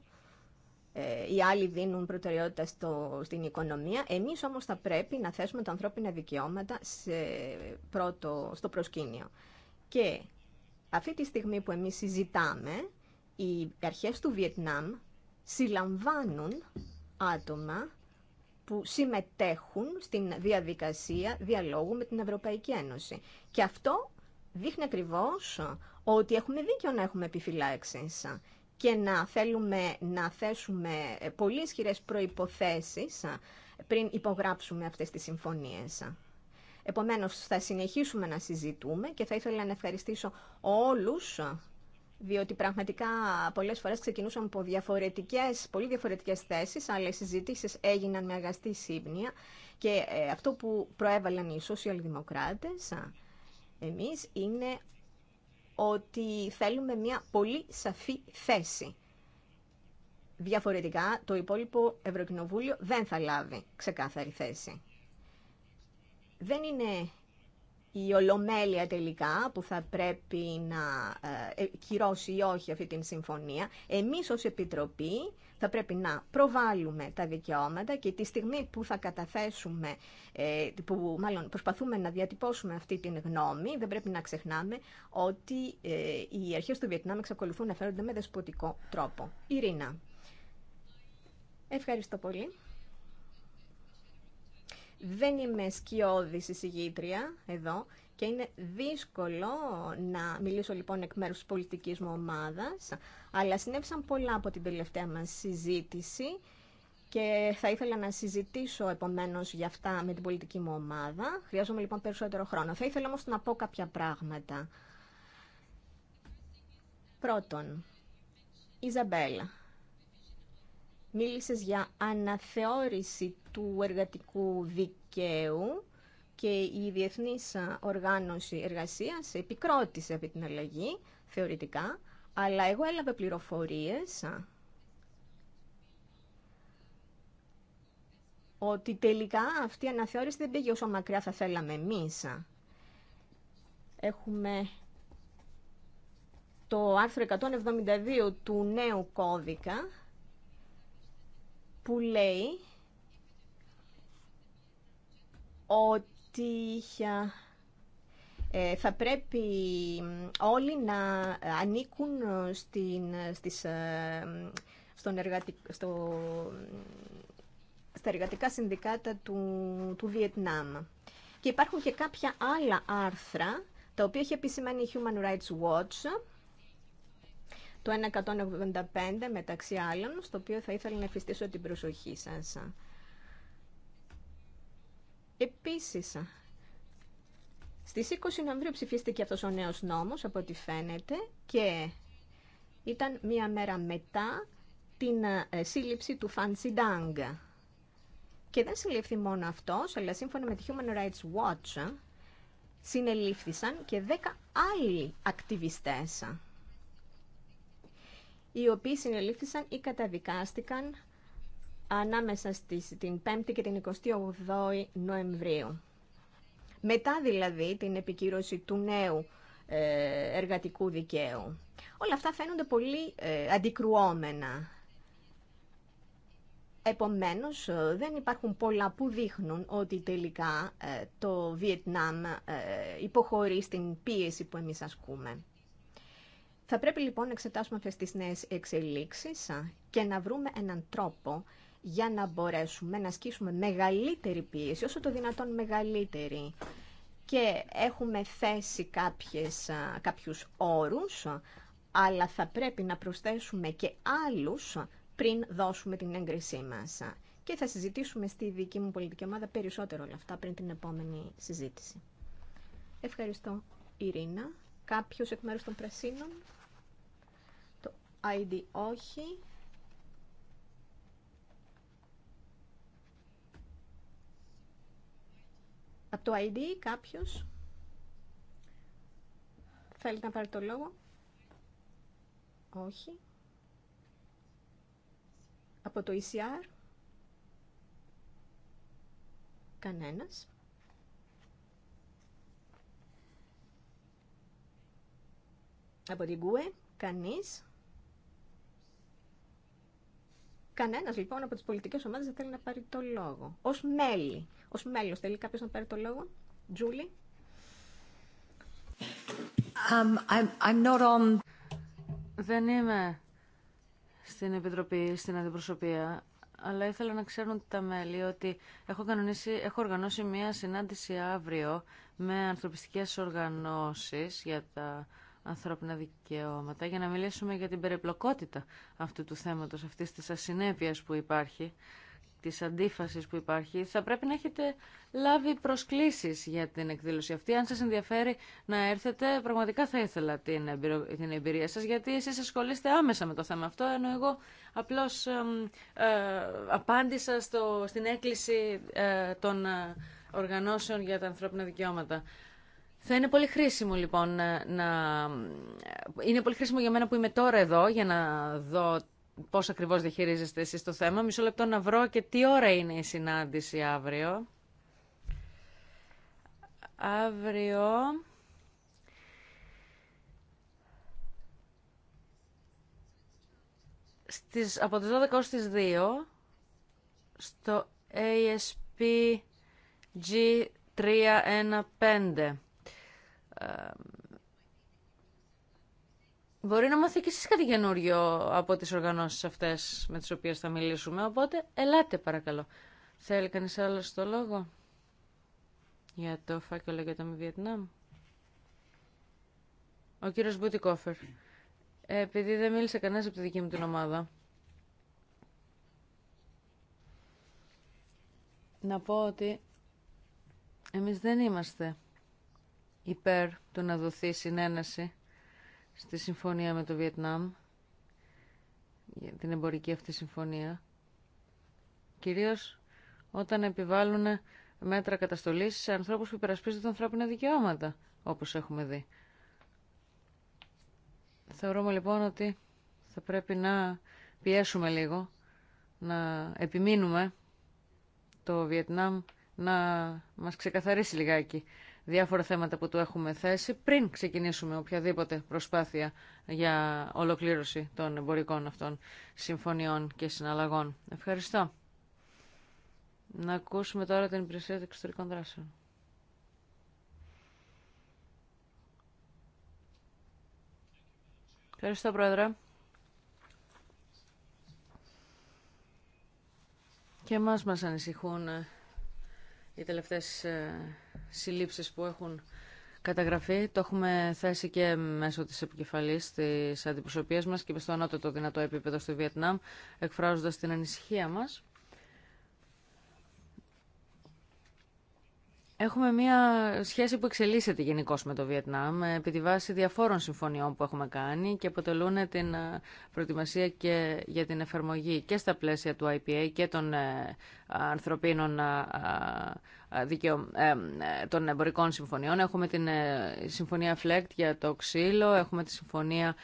ε, οι άλλοι δίνουν προτεραιότητα στο, στην οικονομία. Εμείς όμως θα πρέπει να θέσουμε τα ανθρώπινα δικαιώματα σε πρώτο, στο προσκήνιο. Και αυτή τη στιγμή που εμείς συζητάμε, οι αρχές του Βιετνάμ συλλαμβάνουν άτομα που συμμετέχουν στην διαδικασία διαλόγου με την Ευρωπαϊκή Ένωση. Και αυτό δείχνει ακριβώς ότι έχουμε δίκιο να έχουμε επιφυλάξεις και να θέλουμε να θέσουμε πολύ ισχυρέ προϋποθέσεις πριν υπογράψουμε αυτές τις συμφωνίες. Επομένως, θα συνεχίσουμε να συζητούμε και θα ήθελα να ευχαριστήσω όλους διότι πραγματικά πολλές φορές ξεκινούσαμε από πολύ διαφορετικές θέσεις, αλλά οι συζητήσεις έγιναν με αγαστή σύμπνοια και ε, αυτό που προέβαλαν οι σοσιαλδημοκράτες εμείς είναι ότι θέλουμε μια πολύ σαφή θέση. Διαφορετικά, το υπόλοιπο Ευρωκοινοβούλιο δεν θα λάβει ξεκάθαρη θέση. Δεν είναι η Ολομέλεια τελικά που θα πρέπει να ε, ε, κυρώσει ή όχι αυτή την συμφωνία. Εμείς ως Επιτροπή θα πρέπει να προβάλλουμε τα δικαιώματα και τη στιγμή που θα καταθέσουμε, ε, που μάλλον προσπαθούμε να διατυπώσουμε αυτή την γνώμη, δεν πρέπει να ξεχνάμε ότι οι αρχές του Βιετνάμ εξακολουθούν να φέρονται με δεσποτικό τρόπο. Ευχαριστώ πολύ. Δεν είμαι σκιώδη εισηγήτρια εδώ και είναι δύσκολο να μιλήσω λοιπόν εκ μέρους της πολιτικής μου ομάδας, αλλά συνέβησαν πολλά από την τελευταία μας συζήτηση και θα ήθελα να συζητήσω επομένως για αυτά με την πολιτική μου ομάδα. Χρειάζομαι λοιπόν περισσότερο χρόνο. Θα ήθελα όμως να πω κάποια πράγματα. Πρώτον, Ιζαμπέλα, μίλησες για αναθεώρηση του εργατικού δικαίου και η Διεθνής Οργάνωση Εργασίας επικρότησε αυτή την αλλαγή, θεωρητικά, αλλά εγώ έλαβα πληροφορίες ότι τελικά αυτή η αναθεώρηση δεν πήγε όσο μακριά θα θέλαμε εμείς. Έχουμε το άρθρο 172 του νέου κώδικα που λέει ότι ε, θα πρέπει όλοι να ανήκουν στην, στις, ε, στον στο, στα εργατικά συνδικάτα του, του Βιετνάμ. Και υπάρχουν και κάποια άλλα άρθρα, τα οποία έχει επισημάνει η Human Rights Watch, το 185, μεταξύ άλλων, στο οποίο θα ήθελα να εφιστήσω την προσοχή σας. Επίσης, στις 20 Νοεμβρίου ψηφίστηκε αυτός ο νέος νόμος, από ό,τι φαίνεται, και ήταν μία μέρα μετά την ε, σύλληψη του Φανσιντάγκ. Και δεν συλλήφθη μόνο αυτός, αλλά σύμφωνα με τη Human Rights Watch, συνελήφθησαν και 10 άλλοι ακτιβιστές οι οποίοι συνελήφθησαν ή καταδικάστηκαν ανάμεσα στις, την 5η και την 28η Νοεμβρίου. Μετά δηλαδή την επικύρωση του νέου ε, εργατικού δικαίου. Όλα αυτά φαίνονται πολύ ε, αντικρουόμενα. Επομένως, ε, δεν υπάρχουν πολλά που δείχνουν ότι τελικά το Βιετνάμ υποχωρεί στην πίεση που εμείς ασκούμε. Θα πρέπει λοιπόν να εξετάσουμε αυτές τις νέες εξελίξεις και να βρούμε έναν τρόπο για να μπορέσουμε να ασκήσουμε μεγαλύτερη πίεση, όσο το δυνατόν μεγαλύτερη. Και έχουμε θέσει κάποιες, κάποιους όρους, αλλά θα πρέπει να προσθέσουμε και άλλους πριν δώσουμε την έγκρισή μας. Και θα συζητήσουμε στη δική μου πολιτική ομάδα περισσότερο όλα αυτά πριν την επόμενη συζήτηση. Ευχαριστώ, Ειρήνα κάποιος εκ μέρους των Πρεσίνων. Το ID όχι. Από το ID κάποιος θέλει να πάρει το λόγο. Όχι. Από το ECR. Κανένας. Από την ΚΟΕ, κανείς. Κανένας λοιπόν από τις πολιτικές ομάδες δεν θέλει να πάρει το λόγο. Ως μέλη. Ως μέλος θέλει κάποιος να πάρει το λόγο. Τζούλη. Um, I'm, not on... Δεν είμαι στην Επιτροπή, στην Αντιπροσωπεία, αλλά ήθελα να ξέρουν τα μέλη ότι έχω, κανονίσει, έχω οργανώσει μία συνάντηση αύριο με ανθρωπιστικές οργανώσεις για τα ανθρώπινα δικαιώματα για να μιλήσουμε για την περιπλοκότητα αυτού του θέματος, αυτής της ασυνέπειας που υπάρχει, της αντίφασης που υπάρχει. Θα πρέπει να έχετε λάβει προσκλήσεις για την εκδήλωση αυτή. Αν σας ενδιαφέρει να έρθετε, πραγματικά θα ήθελα την, εμπειρία σας, γιατί εσείς ασχολείστε άμεσα με το θέμα αυτό, ενώ εγώ απλώς ε, απάντησα στο, στην έκκληση ε, των ε, οργανώσεων για τα ανθρώπινα δικαιώματα. Θα είναι πολύ χρήσιμο λοιπόν να... Ε, είναι πολύ χρήσιμο για μένα που είμαι τώρα εδώ για να δω πώς ακριβώς διαχειρίζεστε εσείς το θέμα. Μισό λεπτό να βρω και τι ώρα είναι η συνάντηση αύριο. Αύριο... Στις, από τις 12 ως τις 2 στο ASP G315. Ε, μπορεί να μάθει και εσείς κάτι καινούριο από τις οργανώσεις αυτές με τις οποίες θα μιλήσουμε. Οπότε, ελάτε παρακαλώ. Θέλει κανείς άλλο το λόγο για το φάκελο για το Βιετνάμ. Ο κύριος Μπουτικόφερ. Ε, επειδή δεν μίλησε κανένας από τη δική μου την ομάδα. Να πω ότι εμείς δεν είμαστε υπέρ του να δοθεί συνένεση στη συμφωνία με το Βιετνάμ, για την εμπορική αυτή συμφωνία, κυρίως όταν επιβάλλουν μέτρα καταστολής σε ανθρώπους που υπερασπίζονται ανθρώπινα δικαιώματα, όπως έχουμε δει. Θεωρούμε λοιπόν ότι θα πρέπει να πιέσουμε λίγο, να επιμείνουμε το Βιετνάμ να μας ξεκαθαρίσει λιγάκι διάφορα θέματα που του έχουμε θέσει πριν ξεκινήσουμε οποιαδήποτε προσπάθεια για ολοκλήρωση των εμπορικών αυτών συμφωνιών και συναλλαγών. Ευχαριστώ. Να ακούσουμε τώρα την υπηρεσία των εξωτερικών δράσεων. Ευχαριστώ, Πρόεδρε. Και εμάς μας ανησυχούν οι τελευταίες ε, συλλήψεις που έχουν καταγραφεί. Το έχουμε θέσει και μέσω της επικεφαλής της αντιπροσωπείας μας και στο το δυνατό επίπεδο στο Βιετνάμ, εκφράζοντας την ανησυχία μας. Έχουμε μια σχέση που εξελίσσεται γενικώ με το Βιετνάμ επί τη βάση διαφόρων συμφωνιών που έχουμε κάνει και αποτελούν την ε, προετοιμασία και για την εφαρμογή και στα πλαίσια του IPA και των ε, ανθρωπίνων ε, ε, των εμπορικών συμφωνιών. Έχουμε την ε, συμφωνία FLECT για το ξύλο, έχουμε τη συμφωνία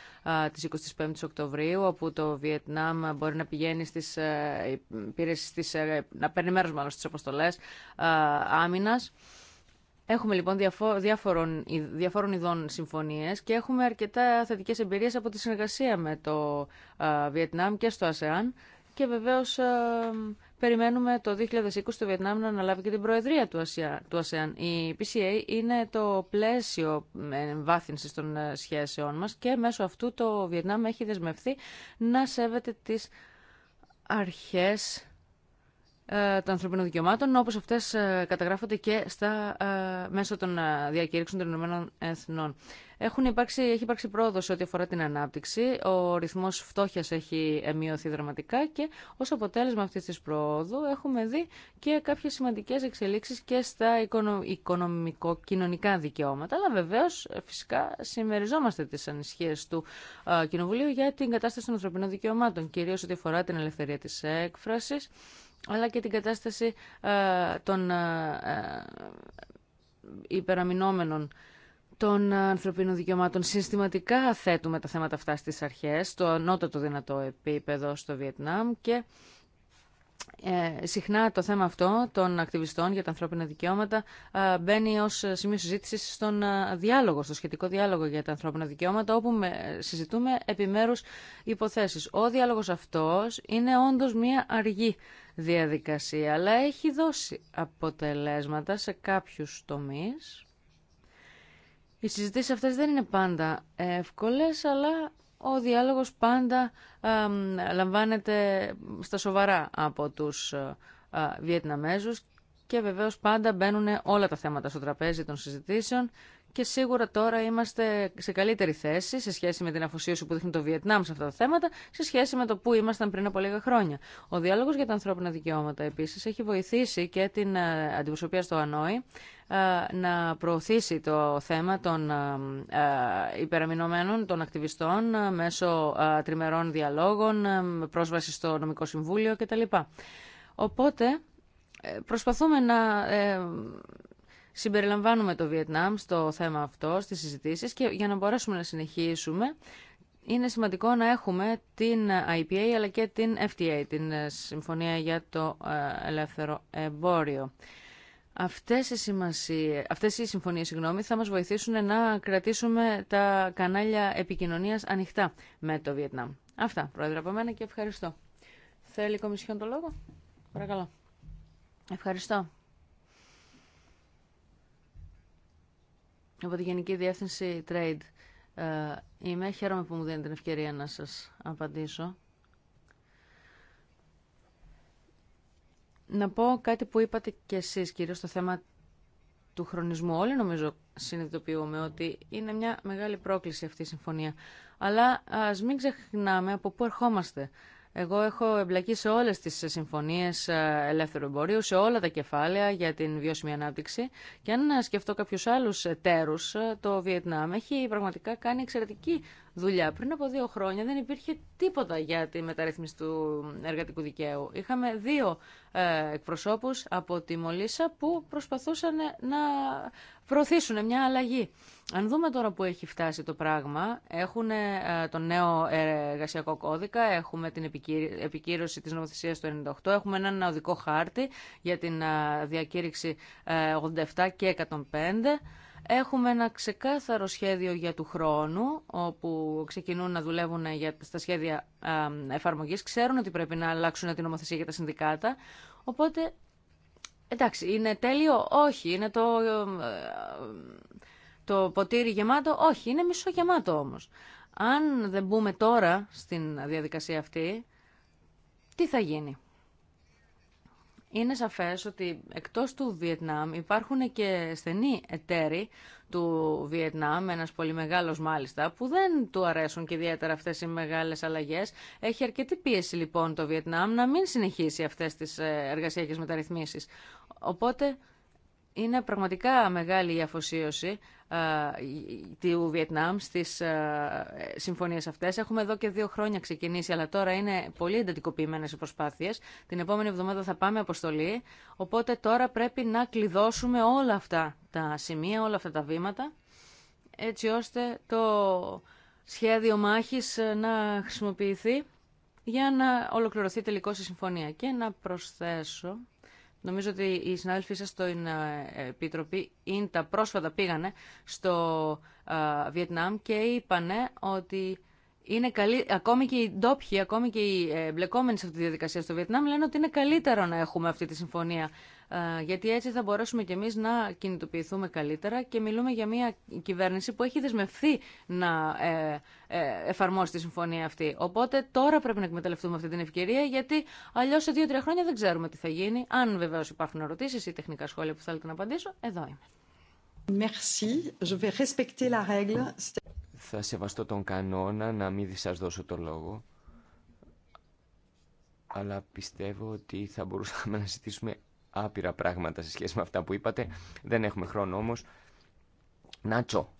της 25ης Οκτωβρίου, όπου το Βιετνάμ μπορεί να πηγαίνει στις υπηρεσίες, να παίρνει μέρος μάλλον στις αποστολές άμυνας. Έχουμε λοιπόν διάφορων, διάφορων ειδών συμφωνίες και έχουμε αρκετά θετικές εμπειρίες από τη συνεργασία με το Βιετνάμ και στο ΑΣΕΑΝ και βεβαίως Περιμένουμε το 2020 στο Βιετνάμ να αναλάβει και την Προεδρία του, Ασια, του ΑΣΕΑΝ. Η PCA είναι το πλαίσιο βάθυνση των ε, σχέσεών μας και μέσω αυτού το Βιετνάμ έχει δεσμευθεί να σέβεται τις αρχές ε, των ανθρωπίνων δικαιωμάτων, όπως αυτές ε, καταγράφονται και στα ε, μέσω των διακήρυξεων των Ηνωμένων Εθνών. Έχουν υπάρξει, έχει υπάρξει πρόοδος ό,τι αφορά την ανάπτυξη, ο ρυθμός φτώχειας έχει μειωθεί δραματικά και ως αποτέλεσμα αυτής της πρόοδου έχουμε δει και κάποιες σημαντικές εξελίξεις και στα οικονομικο-κοινωνικά δικαιώματα, αλλά βεβαίως φυσικά συμμεριζόμαστε τις ανησυχίε του Κοινοβουλίου για την κατάσταση των ανθρωπίνων δικαιωμάτων, κυρίως ό,τι αφορά την ελευθερία της έκφρασης, αλλά και την κατάσταση ε, των ε, ε, υπεραμεινόμενων των ανθρωπίνων δικαιωμάτων. Συστηματικά θέτουμε τα θέματα αυτά στις αρχές, στο ανώτατο δυνατό επίπεδο στο Βιετνάμ και ε, συχνά το θέμα αυτό των ακτιβιστών για τα ανθρώπινα δικαιώματα μπαίνει ως σημείο συζήτησης στον διάλογο, στο σχετικό διάλογο για τα ανθρώπινα δικαιώματα όπου συζητούμε επιμέρους υποθέσεις. Ο διάλογος αυτός είναι όντως μια αργή διαδικασία, αλλά έχει δώσει αποτελέσματα σε κάποιους τομείς. Οι συζητήσεις αυτές δεν είναι πάντα εύκολες, αλλά ο διάλογος πάντα λαμβάνεται στα σοβαρά από τους ε, α, Βιετναμέζους και βεβαίως πάντα μπαίνουν όλα τα θέματα στο τραπέζι των συζητήσεων και σίγουρα τώρα είμαστε σε καλύτερη θέση σε σχέση με την αφοσίωση που δείχνει το Βιετνάμ σε αυτά τα θέματα, σε σχέση με το που ήμασταν πριν από λίγα χρόνια. Ο διάλογο για τα ανθρώπινα δικαιώματα επίση έχει βοηθήσει και την ε, αντιπροσωπεία στο Ανόη ε, να προωθήσει το θέμα των ε, υπεραμεινωμένων, των ακτιβιστών μέσω τριμερών διαλόγων, πρόσβαση στο νομικό συμβούλιο κτλ. Οπότε προσπαθούμε να συμπεριλαμβάνουμε το Βιετνάμ στο θέμα αυτό, στις συζητήσεις και για να μπορέσουμε να συνεχίσουμε είναι σημαντικό να έχουμε την IPA αλλά και την FTA, την ε, Συμφωνία για το ε, Ελεύθερο Εμπόριο. Αυτές οι, σημασίες, αυτές οι συμφωνίες συγγνώμη, θα μας βοηθήσουν να κρατήσουμε τα κανάλια επικοινωνίας ανοιχτά με το Βιετνάμ. Αυτά, Πρόεδρε, από μένα και ευχαριστώ. Θέλει η Κομισιόν το λόγο. Παρακαλώ. Ευχαριστώ. από τη Γενική Διεύθυνση Trade ε, είμαι. Χαίρομαι που μου δίνετε την ευκαιρία να σας απαντήσω. Να πω κάτι που είπατε κι εσείς, κυρίως στο θέμα του χρονισμού. Όλοι νομίζω συνειδητοποιούμε ότι είναι μια μεγάλη πρόκληση αυτή η συμφωνία. Αλλά ας μην ξεχνάμε από πού ερχόμαστε. Εγώ έχω εμπλακεί σε όλες τις συμφωνίε ε, ελεύθερου εμπορίου, σε όλα τα κεφάλαια για την βιώσιμη ανάπτυξη και αν σκεφτώ κάποιου άλλου τέρους, ε, το Βιετνάμ έχει πραγματικά κάνει εξαιρετική δουλειά. Πριν από δύο χρόνια δεν υπήρχε τίποτα για τη μεταρρύθμιση του εργατικού δικαίου. Είχαμε δύο ε, εκπροσώπους από τη Μολύσα που προσπαθούσαν να προωθήσουν μια αλλαγή. Αν δούμε τώρα που έχει φτάσει το πράγμα, έχουν ε, τον νέο εργασιακό κώδικα, έχουμε την επικύρωση της νομοθεσίας του 98, έχουμε έναν οδικό χάρτη για την ε, διακήρυξη 87 ε, και 105, Έχουμε ένα ξεκάθαρο σχέδιο για του χρόνου, όπου ξεκινούν να δουλεύουν για, στα σχέδια εφαρμογής. Ξέρουν ότι πρέπει να αλλάξουν την νομοθεσία για τα συνδικάτα. Οπότε, εντάξει, είναι τέλειο. Όχι, είναι το, ε, το ποτήρι γεμάτο. Όχι, είναι μισό γεμάτο όμως. Αν δεν μπούμε τώρα στην διαδικασία αυτή, τι θα γίνει είναι σαφές ότι εκτός του Βιετνάμ υπάρχουν και στενοί εταίροι του Βιετνάμ, ένας πολύ μεγάλος μάλιστα, που δεν του αρέσουν και ιδιαίτερα αυτές οι μεγάλες αλλαγές. Έχει αρκετή πίεση λοιπόν το Βιετνάμ να μην συνεχίσει αυτές τις ε, εργασιακές μεταρρυθμίσεις. Οπότε είναι πραγματικά μεγάλη η αφοσίωση του Βιετνάμ στις συμφωνίες αυτές. Έχουμε εδώ και δύο χρόνια ξεκινήσει, αλλά τώρα είναι πολύ εντατικοποιημένες οι προσπάθειες. Την επόμενη εβδομάδα θα πάμε αποστολή, οπότε τώρα πρέπει να κλειδώσουμε όλα αυτά τα σημεία, όλα αυτά τα βήματα, έτσι ώστε το σχέδιο μάχης ε, να χρησιμοποιηθεί για να ολοκληρωθεί τελικώς η συμφωνία. Και να προσθέσω Νομίζω ότι οι συνάδελφοί σας στην ε, Επιτροπή τα πρόσφατα πήγανε στο ε, Βιετνάμ και είπανε ότι είναι καλή, ακόμη και οι ντόπιοι, ακόμη και οι ε, μπλεκόμενοι σε αυτή τη διαδικασία στο Βιετνάμ λένε ότι είναι καλύτερο να έχουμε αυτή τη συμφωνία. Ε, γιατί έτσι θα μπορέσουμε κι εμείς να κινητοποιηθούμε καλύτερα και μιλούμε για μια κυβέρνηση που έχει δεσμευθεί να ε, εφαρμόσει τη συμφωνία αυτή. Οπότε τώρα πρέπει να εκμεταλλευτούμε αυτή την ευκαιρία γιατί αλλιώ σε δύο-τρία χρόνια δεν ξέρουμε τι θα γίνει. Αν βεβαίω υπάρχουν ερωτήσει ή τεχνικά σχόλια που θέλετε να απαντήσω, εδώ είμαι. Merci. Je vais respecter la règle θα σεβαστώ τον κανόνα να μην σας δώσω το λόγο. Αλλά πιστεύω ότι θα μπορούσαμε να ζητήσουμε άπειρα πράγματα σε σχέση με αυτά που είπατε. Δεν έχουμε χρόνο όμως. Νάτσο.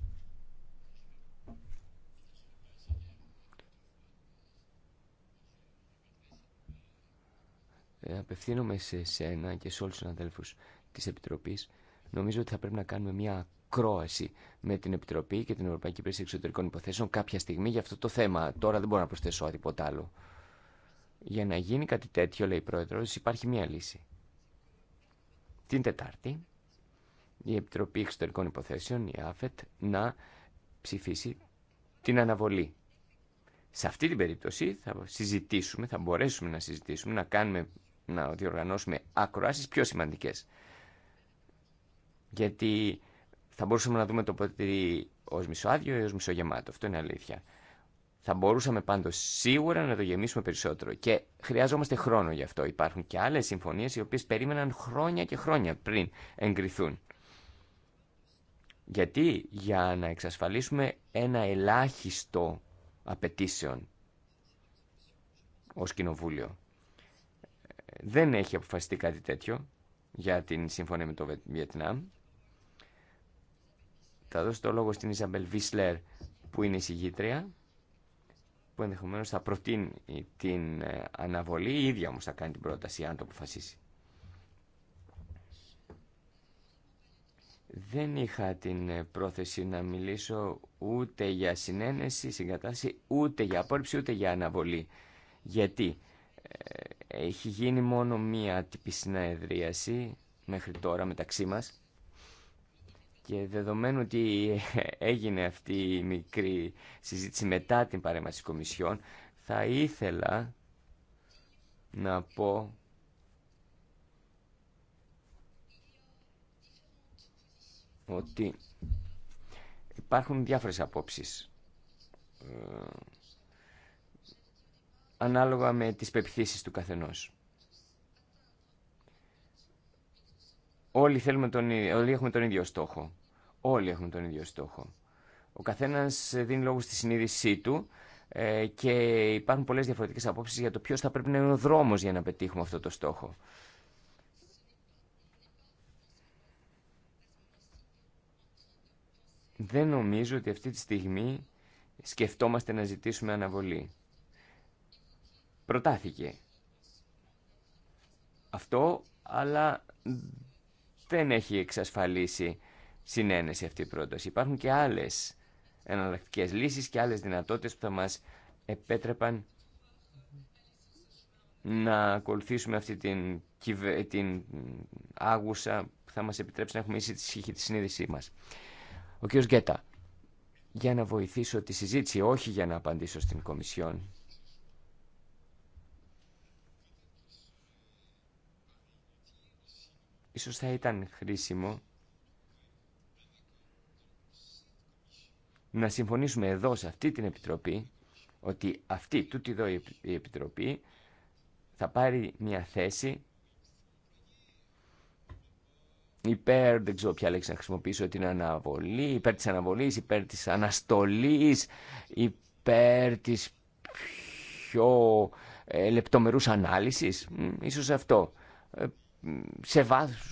Ε, απευθύνομαι σε σένα και σε όλους τους αδέλφους της Επιτροπής. Νομίζω ότι θα πρέπει να κάνουμε μια ακρόαση με την Επιτροπή και την Ευρωπαϊκή Υπηρεσία Εξωτερικών Υποθέσεων κάποια στιγμή για αυτό το θέμα. Τώρα δεν μπορώ να προσθέσω τίποτα άλλο. Για να γίνει κάτι τέτοιο, λέει η Πρόεδρο, υπάρχει μία λύση. Την Τετάρτη, η Επιτροπή Εξωτερικών Υποθέσεων, η ΑΦΕΤ, να ψηφίσει την αναβολή. Σε αυτή την περίπτωση θα συζητήσουμε, θα μπορέσουμε να συζητήσουμε, να κάνουμε, να διοργανώσουμε ακροάσεις πιο σημαντικές. Γιατί θα μπορούσαμε να δούμε το ποτήρι ως μισοάδιο ή ως μισογεμάτο. Αυτό είναι αλήθεια. Θα μπορούσαμε πάντως σίγουρα να το γεμίσουμε περισσότερο και χρειάζομαστε χρόνο γι' αυτό. Υπάρχουν και άλλες συμφωνίες οι οποίες περίμεναν χρόνια και χρόνια πριν εγκριθούν. Γιατί για να εξασφαλίσουμε ένα ελάχιστο απαιτήσεων ως κοινοβούλιο. Δεν έχει αποφασιστεί κάτι τέτοιο για την συμφωνία με το Βιετνάμ. Θα δώσω το λόγο στην Ισαμπελ Βίσλερ που είναι η συγγήτρια που ενδεχομένω θα προτείνει την ε, αναβολή η ίδια όμως θα κάνει την πρόταση αν το αποφασίσει. Δεν είχα την ε, πρόθεση να μιλήσω ούτε για συνένεση, συγκατάσταση, ούτε για απόρριψη, ούτε για αναβολή. Γιατί ε, έχει γίνει μόνο μία τυπή συνεδρίαση μέχρι τώρα μεταξύ μας και δεδομένου ότι έγινε αυτή η μικρή συζήτηση μετά την παρέμβαση Κομισιόν, θα ήθελα να πω ότι υπάρχουν διάφορες απόψεις ε, ανάλογα με τις πεπιθήσεις του καθενός. Όλοι, θέλουμε τον, ε, όλοι έχουμε τον ίδιο στόχο όλοι έχουν τον ίδιο στόχο. Ο καθένας ε, δίνει λόγο στη συνείδησή του ε, και υπάρχουν πολλές διαφορετικές απόψεις για το ποιο θα πρέπει να είναι ο δρόμος για να πετύχουμε αυτό το στόχο. Δεν νομίζω ότι αυτή τη στιγμή σκεφτόμαστε να ζητήσουμε αναβολή. Προτάθηκε αυτό, αλλά δεν έχει εξασφαλίσει συνένεση αυτή η πρόταση. Υπάρχουν και άλλε εναλλακτικέ λύσει και άλλε δυνατότητε που θα μα επέτρεπαν να ακολουθήσουμε αυτή την, την άγουσα που θα μας επιτρέψει να έχουμε ίση τη, τη συνείδησή μας. Ο κ. Γκέτα, για να βοηθήσω τη συζήτηση, όχι για να απαντήσω στην Κομισιόν. Ίσως θα ήταν χρήσιμο να συμφωνήσουμε εδώ σε αυτή την Επιτροπή ότι αυτή, τούτη εδώ η Επιτροπή θα πάρει μια θέση υπέρ, δεν ξέρω ποια λέξη να χρησιμοποιήσω, την αναβολή, υπέρ της αναβολής, υπέρ της αναστολής, υπέρ της πιο ε, λεπτομερούς ανάλυσης, ίσως αυτό, ε, σε,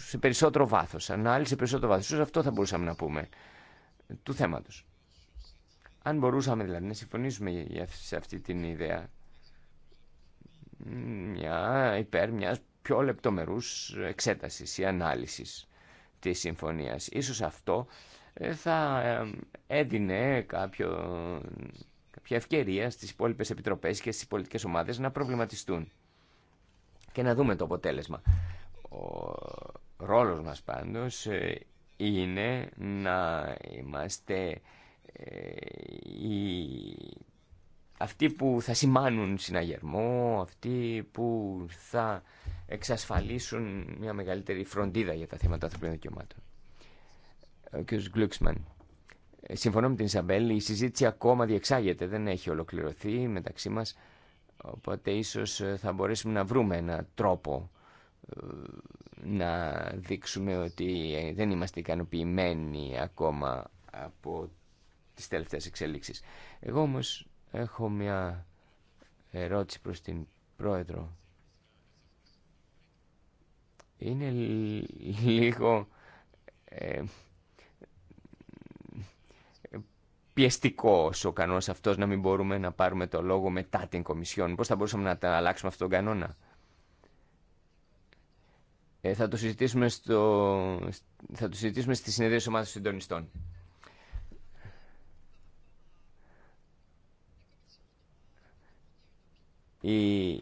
σε περισσότερο βάθος, ανάλυση σε περισσότερο βάθος, ίσως αυτό θα μπορούσαμε να πούμε, του θέματος. Αν μπορούσαμε δηλαδή να συμφωνήσουμε σε αυτή την ιδέα μια, υπέρ μια πιο λεπτομερού εξέτασης ή ανάλυσης της συμφωνίας. Ίσως αυτό ε, θα ε, έδινε κάποιο, κάποια ευκαιρία στις υπόλοιπε επιτροπές και στις πολιτικέ ομάδες να προβληματιστούν και να δούμε το αποτέλεσμα. Ο ρόλος μας πάντως ε, είναι να είμαστε ε, αυτοί που θα σημάνουν συναγερμό, αυτοί που θα εξασφαλίσουν μια μεγαλύτερη φροντίδα για τα θέματα των ανθρωπίνων δικαιωμάτων. Ο κ. Γκλουξμαν. Ε, συμφωνώ με την Ισαμπέλ, η συζήτηση ακόμα διεξάγεται, δεν έχει ολοκληρωθεί μεταξύ μας, οπότε ίσως ε, θα μπορέσουμε να βρούμε ένα τρόπο να δείξουμε ότι δεν είμαστε ικανοποιημένοι ακόμα από τις τελευταίες εξελίξεις. Εγώ όμως έχω μια ερώτηση προς την Πρόεδρο. Είναι λίγο ε, πιεστικός ο κανόνα αυτό να μην μπορούμε να πάρουμε το λόγο μετά την Κομισιόν. Πώ θα μπορούσαμε να τα αλλάξουμε αυτόν τον κανόνα. Ε, θα, το συζητήσουμε στο, θα το συζητήσουμε στη συνεδρία τη συντονιστών. Η...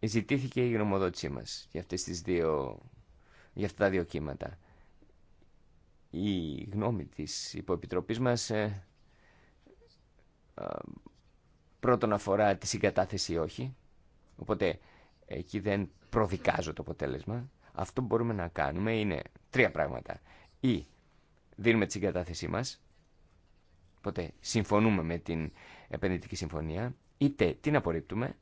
Ζητήθηκε η γνωμοδότησή μας για, αυτές τις δύο... για αυτά τα δύο κύματα. Η γνώμη της υποεπιτροπής μας ε... ε πρώτον αφορά τη συγκατάθεση όχι. Οπότε εκεί δεν προδικάζω το αποτέλεσμα. Αυτό που μπορούμε να κάνουμε είναι τρία πράγματα. Ή δίνουμε τη συγκατάθεσή μας, οπότε συμφωνούμε με την επενδυτική συμφωνία, είτε την απορρίπτουμε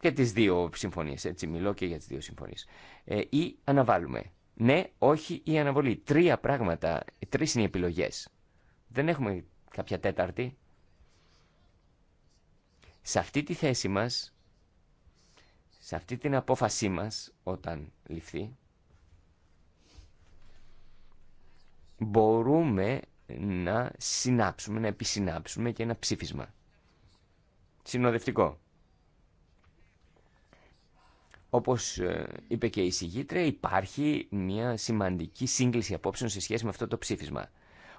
και τις δύο συμφωνίες, έτσι μιλώ και για τις δύο συμφωνίες, ε, ή αναβάλουμε. Ναι, όχι ή αναβολή. Τρία πράγματα, τρεις είναι οι επιλογές. Δεν έχουμε κάποια τέταρτη. Σε αυτή τη θέση μας, σε αυτή την απόφασή μας, όταν ληφθεί, μπορούμε να συνάψουμε, να επισυνάψουμε και ένα ψήφισμα. Συνοδευτικό. Όπως ε, είπε και η συγγήτρια, υπάρχει μια σημαντική σύγκληση απόψεων σε σχέση με αυτό το ψήφισμα.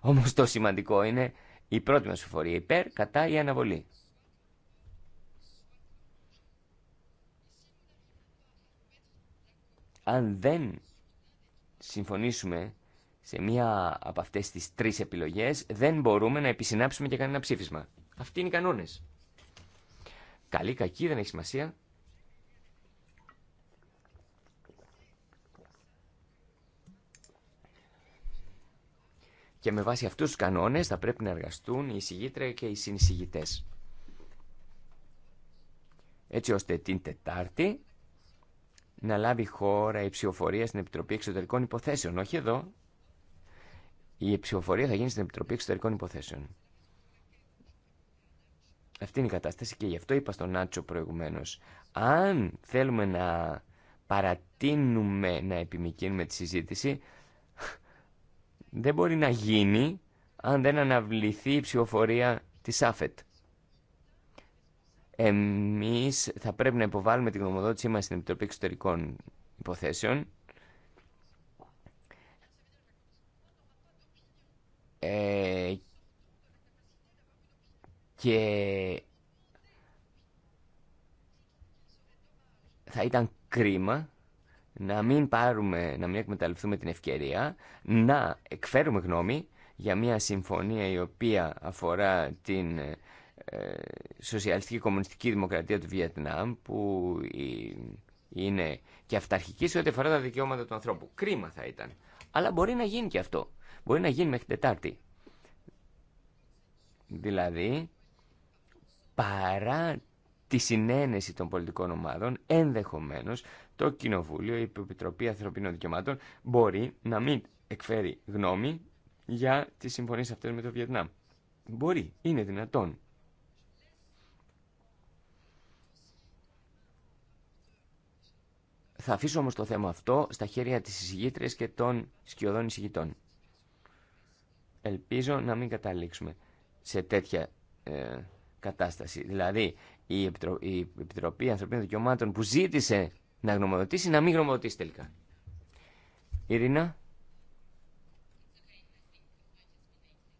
Όμως το σημαντικό είναι η πρώτη μας φορία υπέρ, κατά ή αναβολή. Αν δεν συμφωνήσουμε σε μία από αυτέ τι τρει επιλογέ δεν μπορούμε να επισυνάψουμε και κανένα ψήφισμα. Αυτοί είναι οι κανόνε. Καλή, κακή, δεν έχει σημασία. Και με βάση αυτούς τους κανόνες θα πρέπει να εργαστούν οι εισηγήτρια και οι συνεισηγητές. Έτσι ώστε την Τετάρτη να λάβει χώρα η ψηφοφορία στην Επιτροπή Εξωτερικών Υποθέσεων. Όχι εδώ, η ψηφοφορία θα γίνει στην Επιτροπή Εξωτερικών Υποθέσεων. Αυτή είναι η κατάσταση και γι' αυτό είπα στον Νάτσο προηγουμένω. Αν θέλουμε να παρατείνουμε να επιμηκύνουμε τη συζήτηση, δεν μπορεί να γίνει αν δεν αναβληθεί η ψηφοφορία τη ΑΦΕΤ. Εμεί θα πρέπει να υποβάλουμε την γνωμοδότησή μα στην Επιτροπή Εξωτερικών Υποθέσεων Ε, και θα ήταν κρίμα να μην πάρουμε, να μην εκμεταλλευτούμε την ευκαιρία να εκφέρουμε γνώμη για μια συμφωνία η οποία αφορά την ε, σοσιαλιστική κομμουνιστική δημοκρατία του Βιετνάμ που είναι και αυταρχική σε ό,τι αφορά τα δικαιώματα του ανθρώπου. Κρίμα θα ήταν. Αλλά μπορεί να γίνει και αυτό. Μπορεί να γίνει μέχρι Τετάρτη. Δηλαδή, παρά τη συνένεση των πολιτικών ομάδων, ενδεχομένως το Κοινοβούλιο, η Επιτροπή Ανθρωπίνων Δικαιωμάτων μπορεί να μην εκφέρει γνώμη για τις συμφωνίες αυτές με το Βιετνάμ. Μπορεί, είναι δυνατόν. Θα αφήσω όμως το θέμα αυτό στα χέρια της εισηγήτρες και των σκιωδών εισηγητών. Ελπίζω να μην καταλήξουμε σε τέτοια ε, κατάσταση. Δηλαδή, η, η Επιτροπή Ανθρωπίνων Δικαιωμάτων που ζήτησε να γνωμοδοτήσει, να μην γνωμοδοτήσει τελικά. Ειρήνα,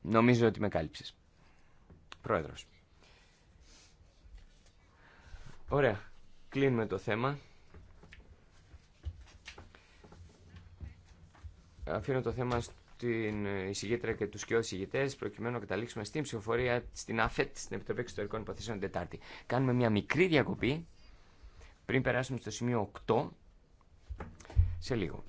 νομίζω ότι με κάλυψες. Πρόεδρος. Ωραία, κλείνουμε το θέμα. Αφήνω το θέμα στο την εισηγήτρια και του και εισηγητέ, προκειμένου να καταλήξουμε στην ψηφοφορία στην ΑΦΕΤ, στην Επιτροπή Εξωτερικών Υποθέσεων Τετάρτη. Κάνουμε μια μικρή διακοπή πριν περάσουμε στο σημείο 8 σε λίγο.